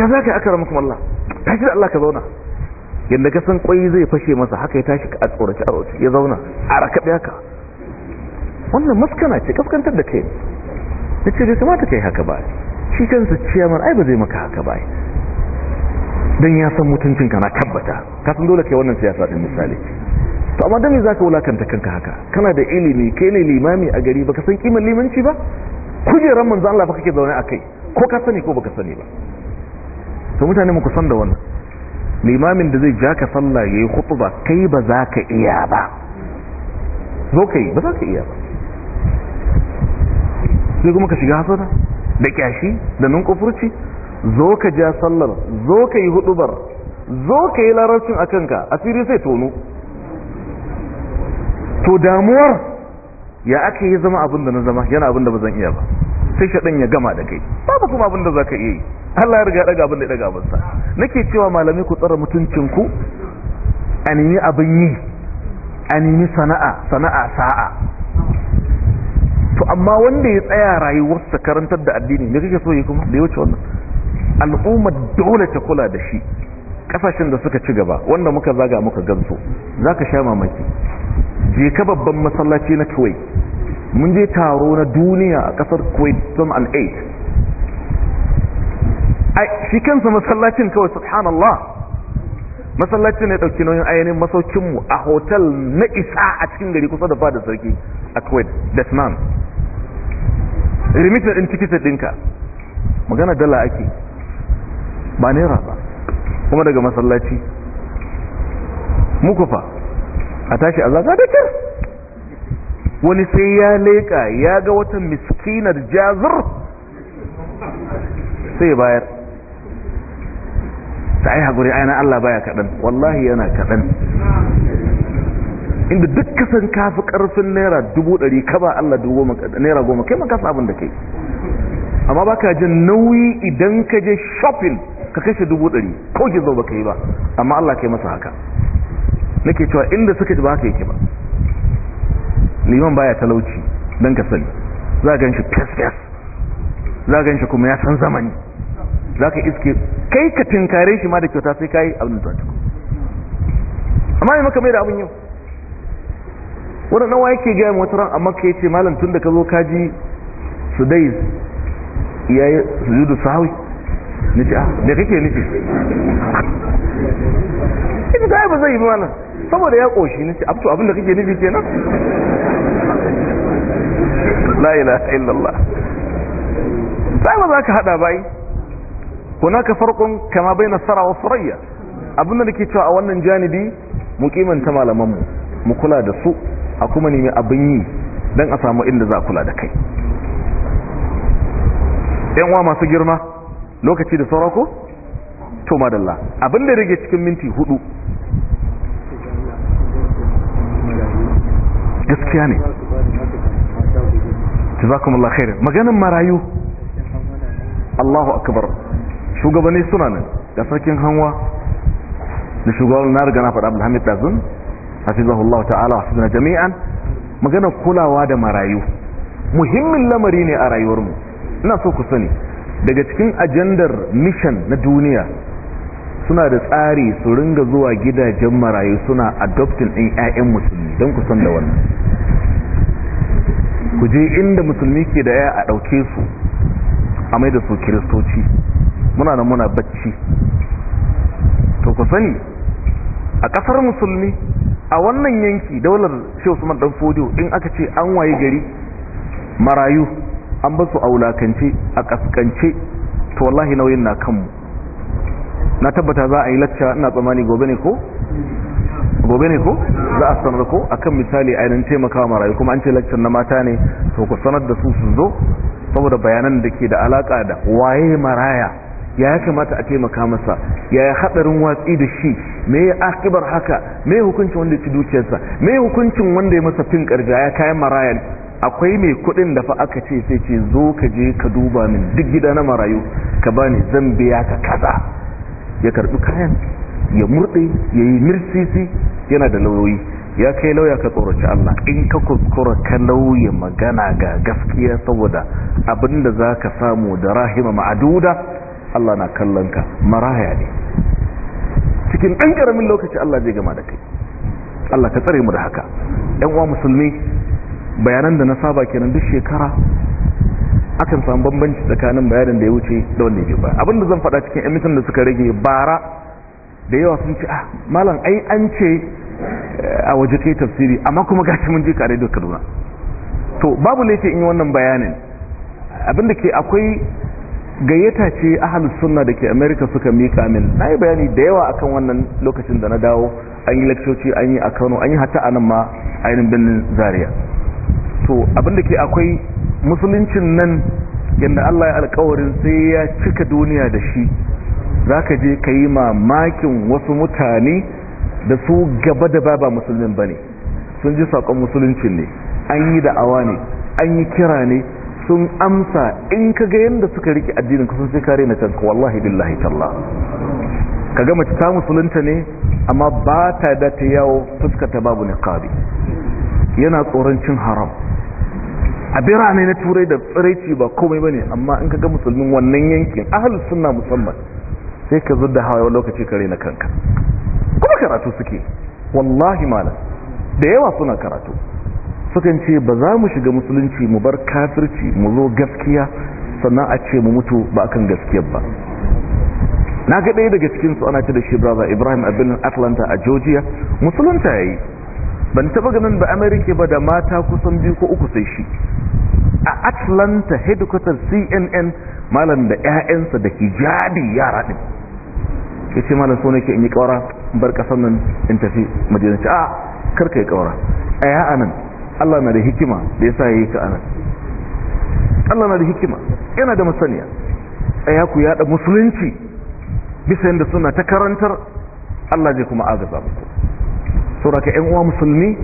ya za ka yi akara muku Allah ta shi da Allah ka zauna yadda ka san kwai zai fashe masa haka ya tashi a tsoraci a roci ya zauna a rakaɓe haka wannan maskana ce kaskantar da kai da ce bai kamata ka yi haka ba shi kansa ciyaman ai ba zai maka haka ba don ya san mutuncinka na tabbata ka san dole kai wannan siyasa din misali to amma dan me zaka wulakanta kanka haka kana da ilimi kai ne limami a gari baka san kimar limanci ba kujerar manzo Allah fa kake zaune akai ko ka sani ko baka sani ba to mutane mu san da wannan limamin da zai ja ka sallah yayi khutba kai ba za ka iya ba zo kai ba za ka iya ba sai kuma ka shiga hasada da kyashi da nunkufurci zo ka ja sallar zo ka yi hudubar zo ka yi larabcin a kanka asiri sai tono to damuwar ya aka yi zama abin da na zama yana abin da ba zan iya ba sai shaɗan ya gama da kai babu kuma abin da za ka iya yi Allah ya riga daga abin da ya daga abinsa nake cewa malami ku tsara mutuncinku a nemi abin yi a nemi sana'a sana'a sa'a to amma wanda ya tsaya rayuwarsa karantar da addini ne kake so yi kuma da ya wuce wannan al'ummar dole ta kula da shi ƙasashen da suka ci gaba wanda muka zaga muka gamsu za ka sha mamaki je ka babban masallaci na kuwait mun je taro na duniya a kasar kuwait 2008 shi kansa masallacin kawai subhanallah masallacin ne dauki nauyin ainihin masaukinmu a hotel na isa a cikin gari kusa da bada sarki a kuwait desman remitin din tikita dinka magana dala ake ba nera ba kuma daga masallaci muku a tashi a da kyar wani sai ya leƙa ya ga wata miskinar jazur? sai bayar ta yi haƙuri Allah baya kaɗan wallahi yana kaɗan inda duk kasan kafi ƙarfin naira dubu ɗari ka ba Allah naira goma kai makasa abin da kai amma ba ka jin nauyi idan ka je shopping ka kashe dubu ɗari ko gizo ba ka yi ba amma Allah kai masa haka nake cewa inda suka ji ba ka yake ba liman baya talauci don ka sani za gan shi fes-fes za gan shi kuma ya san zamani za ka iske kai ka tinkare shi ma da kyauta sai ka yi abin da tuku amma yi maka mai da abin yau waɗannan wa yake gaya wata ran amma ka ce malam tun da ka zo kaji su dai ya yi su judu sahawi ce a ah, da kake nufi ita ta yi ba zai yi malam saboda ya koshi nace abu abin da kake nufi kenan la ilaha illallah sai ba za ka hada bai hunaka farqun kama bai nasara wa surayya abin da nake cewa a wannan janibi mu kimanta malaman mu mu kula da su a kuma nemi abin yi dan a samu inda za kula da kai yan uwa masu girma lokaci da saurako to madalla abin da rage cikin minti hudu gaskiya ne jazakumullahu khairan maganin marayu Allahu akbar shugabanni suna nan da sarkin hanwa da shugaban na riga na faɗa Abdulhamid Dazun hafizahullahu ta'ala wa hafizna jami'an maganar kulawa da marayu muhimmin lamari ne a rayuwarmu ina so ku sani daga cikin ajandar mission na duniya suna da tsari su ringa zuwa gidajen marayu suna adoptin ɗin 'ya'yan musulmi don ku san da wannan ku je inda musulmi ke da 'ya a ɗauke su a mai da su kiristoci muna da muna bacci to ku sani a ƙasar musulmi a wannan yanki daular shi usman dan fodiyo in aka ce an waye gari marayu an basu a wulakance a ƙasƙance to wallahi nauyin na kanmu na tabbata za a yi lacca ina tsammani gobe ne ko gobe ne ko za a sanar ko akan misali ainihin taimakawa marayu kuma an ce laccar na mata ne to ku sanar da su su zo saboda bayanan da ke da alaka da waye maraya ya ya kamata a taimaka masa ya ya hadarin watsi da shi me ya akibar haka me ya hukuncin wanda ya ci dukiyarsa me ya hukuncin wanda ya masa fin karja ya kayan maraya akwai mai kuɗin da fa aka ce sai ce zo ka je ka duba min duk gida na marayu ka bani zan biya ka kaza ya karbi kayan ya murde ya yi mirsisi yana da lauyoyi ya kai lauya ka tsoraci Allah in ka kuskura ka lauye magana ga gaskiya saboda abinda za ka samu da rahima ma'aduda Allah na kallon ka maraya ne cikin ɗan ƙaramin lokaci Allah zai gama da kai Allah ka tsare mu da haka ‘yan uwa musulmi bayanan da na saba kenan duk shekara akan samu bambanci tsakanin bayanin da ya wuce da wanda ya baya abinda zan faɗa cikin emisan da suka rage bara da yawa sun ce ah malam ai an ce eh, a waje kai tafsiri amma kuma gashi mun je kare da kaduna to babu laifi in yi wannan bayanin abinda ke akwai gayyata ce ahal sunna da ke america suka mika min na yi bayani da yawa akan wannan lokacin da na dawo an yi lakcoci an yi a kano an yi hata a nan ma ainihin birnin zaria to abinda ke akwai musuluncin nan yadda Allah ya alkawarin sai ya cika duniya da shi za ka je ka yi mamakin wasu mutane da su gaba da ba ba musulmin ba ne sun ji saƙon musuluncin ne an yi da'awa ne an yi kira ne sun amsa in ka ga yadda suka riƙe addinin kusan sun sai kare na canka wallahi billahi talla ka gama mace ta musulunta ne amma ba ta da ta yawo fuskata babu niqabi yana tsoron cin haram a birane na turai da tsiraici ba komai ba ne amma in ka ga musulmin wannan yankin ahlus suna musamman sai ka zudda hawa lokaci kare na kanka kuma karatu suke wallahi malam da yawa suna karatu sukan ce ba za mu shiga musulunci mu bar kafirci mu zo gaskiya sannan a ce mu mutu ba akan gaskiyar ba na ga ɗaya daga cikinsu ana ce da shi brother ibrahim abinin atlanta a georgia musulunta ya yi ban taba ganin ba amerika ba da mata kusan biyu ko uku sai shi a atlanta headquarter cnn malam da 'ya'yansa da hijabi yara ɗin ya ce malam so nake in yi ƙaura bar ƙasar nan in tafi majalisa a karka yi ƙaura a ya anan allah na da hikima da ya sa ya yi ka anan allah na da hikima yana da masaniya a yaku ku yaɗa musulunci bisa yadda suna ta karantar allah zai kuma agaza ku. sauraka yan uwa musulmi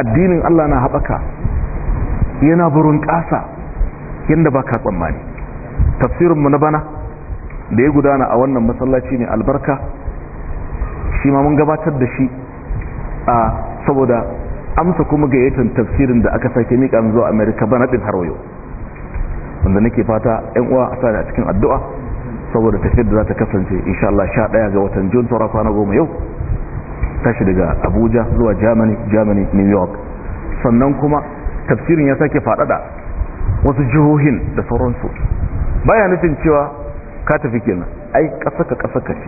addinin Allah na haɓaka yana burin ƙasa yadda ba ka tsammani tafsirinmu na bana da ya gudana a wannan masallaci ne albarka shi ma mun gabatar da shi a saboda amsa kuma ga gayyatar tafsirin da aka sake mika zuwa amerika bana ɗin har yau wanda nake fata yan uwa a sani a cikin addu'a saboda tafiyar da za ta kasance insha Allah sha ɗaya ga watan jun saura kwana goma yau tashi daga abuja zuwa germany germany new york sannan kuma tafsirin ya sake faɗaɗa wasu jihohin da sauransu baya nufin cewa ka tafi kenan ai ƙasaka ƙasaka ce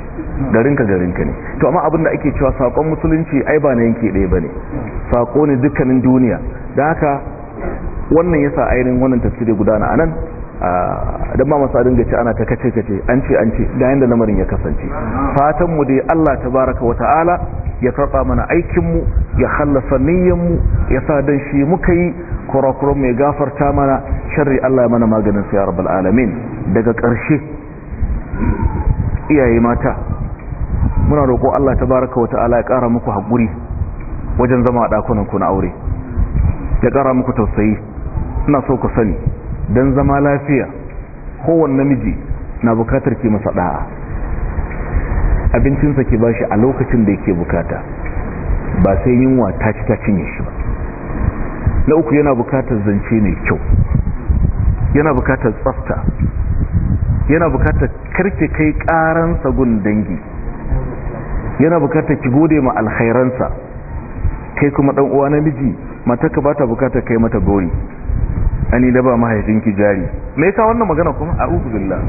garinka garinka ne to amma abin da ake cewa sakon musulunci ai ba na yanke ɗaya ba ne saƙo ne dukkanin duniya da haka wannan yasa ainihin wannan tafsiri gudana a nan don ba masu adin gace ana ta kace kace an ce an ce da yanda lamarin ya kasance fatan mu dai Allah Ta baraka wa ta'ala ya karɓa mana aikin mu ya khallasa niyyar mu ya sa dan shi muka yi kurakuran mai gafarta mana sharri Allah ya mana maganin sa ya rabbal alamin daga ƙarshe iyaye mata muna roƙo Allah Ta baraka wa ta'ala ya ƙara muku haƙuri wajen zama a ɗakunan ku na aure ya ƙara muku tausayi ina so ku sani don zama lafiya kowane namiji na bukatar ki masa da'a abincinsa ke bashi a lokacin da yake bukata ba sai yunwa ta ci ta cinye shi ba na uku yana bukatar zance ne kyau yana bukatar tsafta yana bukatar karke kai karansa gun dangi yana bukatar ki gode ma alkhairansa kai kuma dan uwa namiji mataka ba ta bukatar kai mata gori ani mahaifin mahaifinki jari me yasa wannan magana kuma a'udhu billah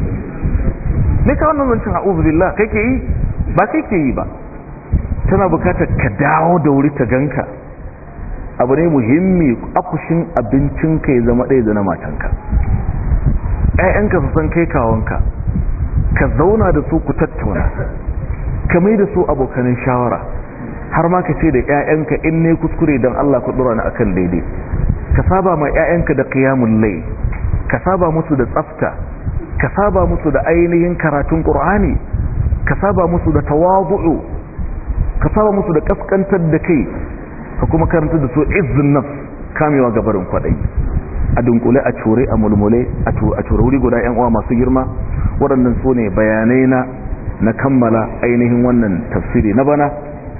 me yasa wannan zancin a'udhu billah kake yi ba kai ke yi ba tana bukatar ka dawo da wuri ta ganka abu ne muhimmi akushin abincin ka ya zama ɗaya da na matanka ƴaƴanka su san kai kawonka ka zauna da su ku tattauna ka mai da su abokanin shawara har ma ka ce da ƴaƴanka in ne kuskure don Allah ku dora ni akan daidai ka saba ma 'ya'yanka da qiyamul layl ka saba musu da tsafta ka saba musu da ainihin karatun qur'ani ka saba musu da tawadu'u ka saba musu da kaskantar da kai ka kuma karanta da su izzun naf kamewa gabarin kwadai a dunkule a cure a mulmule a cure wuri guda yan uwa masu girma waɗannan su ne bayanai na na kammala ainihin wannan tafsiri na bana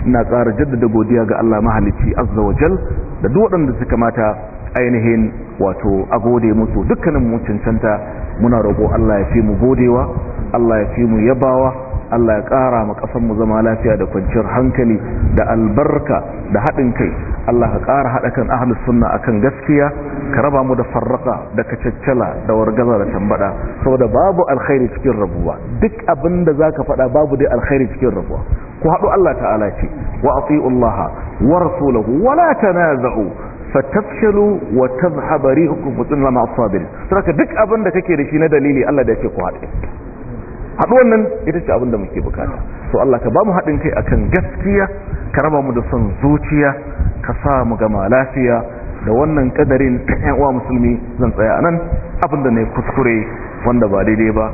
ina tsara jaddada godiya ga Allah mahalicci azza wajal da duk waɗanda suka mata ainihin wato a gode musu dukkanin mu cancanta muna roƙo Allah ya fi mu godewa Allah ya fi mu yabawa Allah ya ƙara ma ƙasar mu zama lafiya da kwanciyar hankali da albarka da haɗin kai Allah ka ƙara haɗa kan ahlus sunna akan gaskiya ka raba mu da farraka da kacaccala da wargaza da tambada saboda babu alkhairi cikin rabuwa duk abin da ka faɗa babu dai alkhairi cikin rabuwa ku haɗu Allah ta'ala ce wa ati'ullaha wa rasulahu wa la tanaza'u fatafshalu wa tazhaba rihukum wa ma asabir saboda duk abin da kake da shi na dalili Allah da yake ku haɗe Haɗu wannan ita ce abin da muke bukata so Allah ka ba mu haɗin kai akan gaskiya ka raba mu da son zuciya ka sa mu gama lafiya da wannan kadarin ta uwa musulmi zan tsaya anan abin da ne kuskure wanda ba daidai ba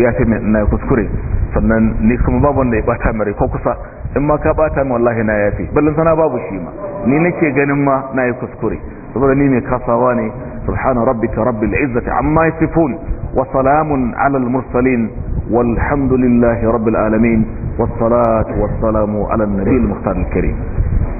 ya fi mai na kuskure sannan ni kuma babu wanda ya bata mare ko kusa in ma ka bata min wallahi na yafi ballan sana babu shi ma ni nake ganin ma na yi kuskure saboda ni mai kasawa ne subhana rabbika rabbil izzati amma yasifun wa salamun ala mursalin walhamdulillahi rabbil alamin والصلاة والسلام على النبي المختار الكريم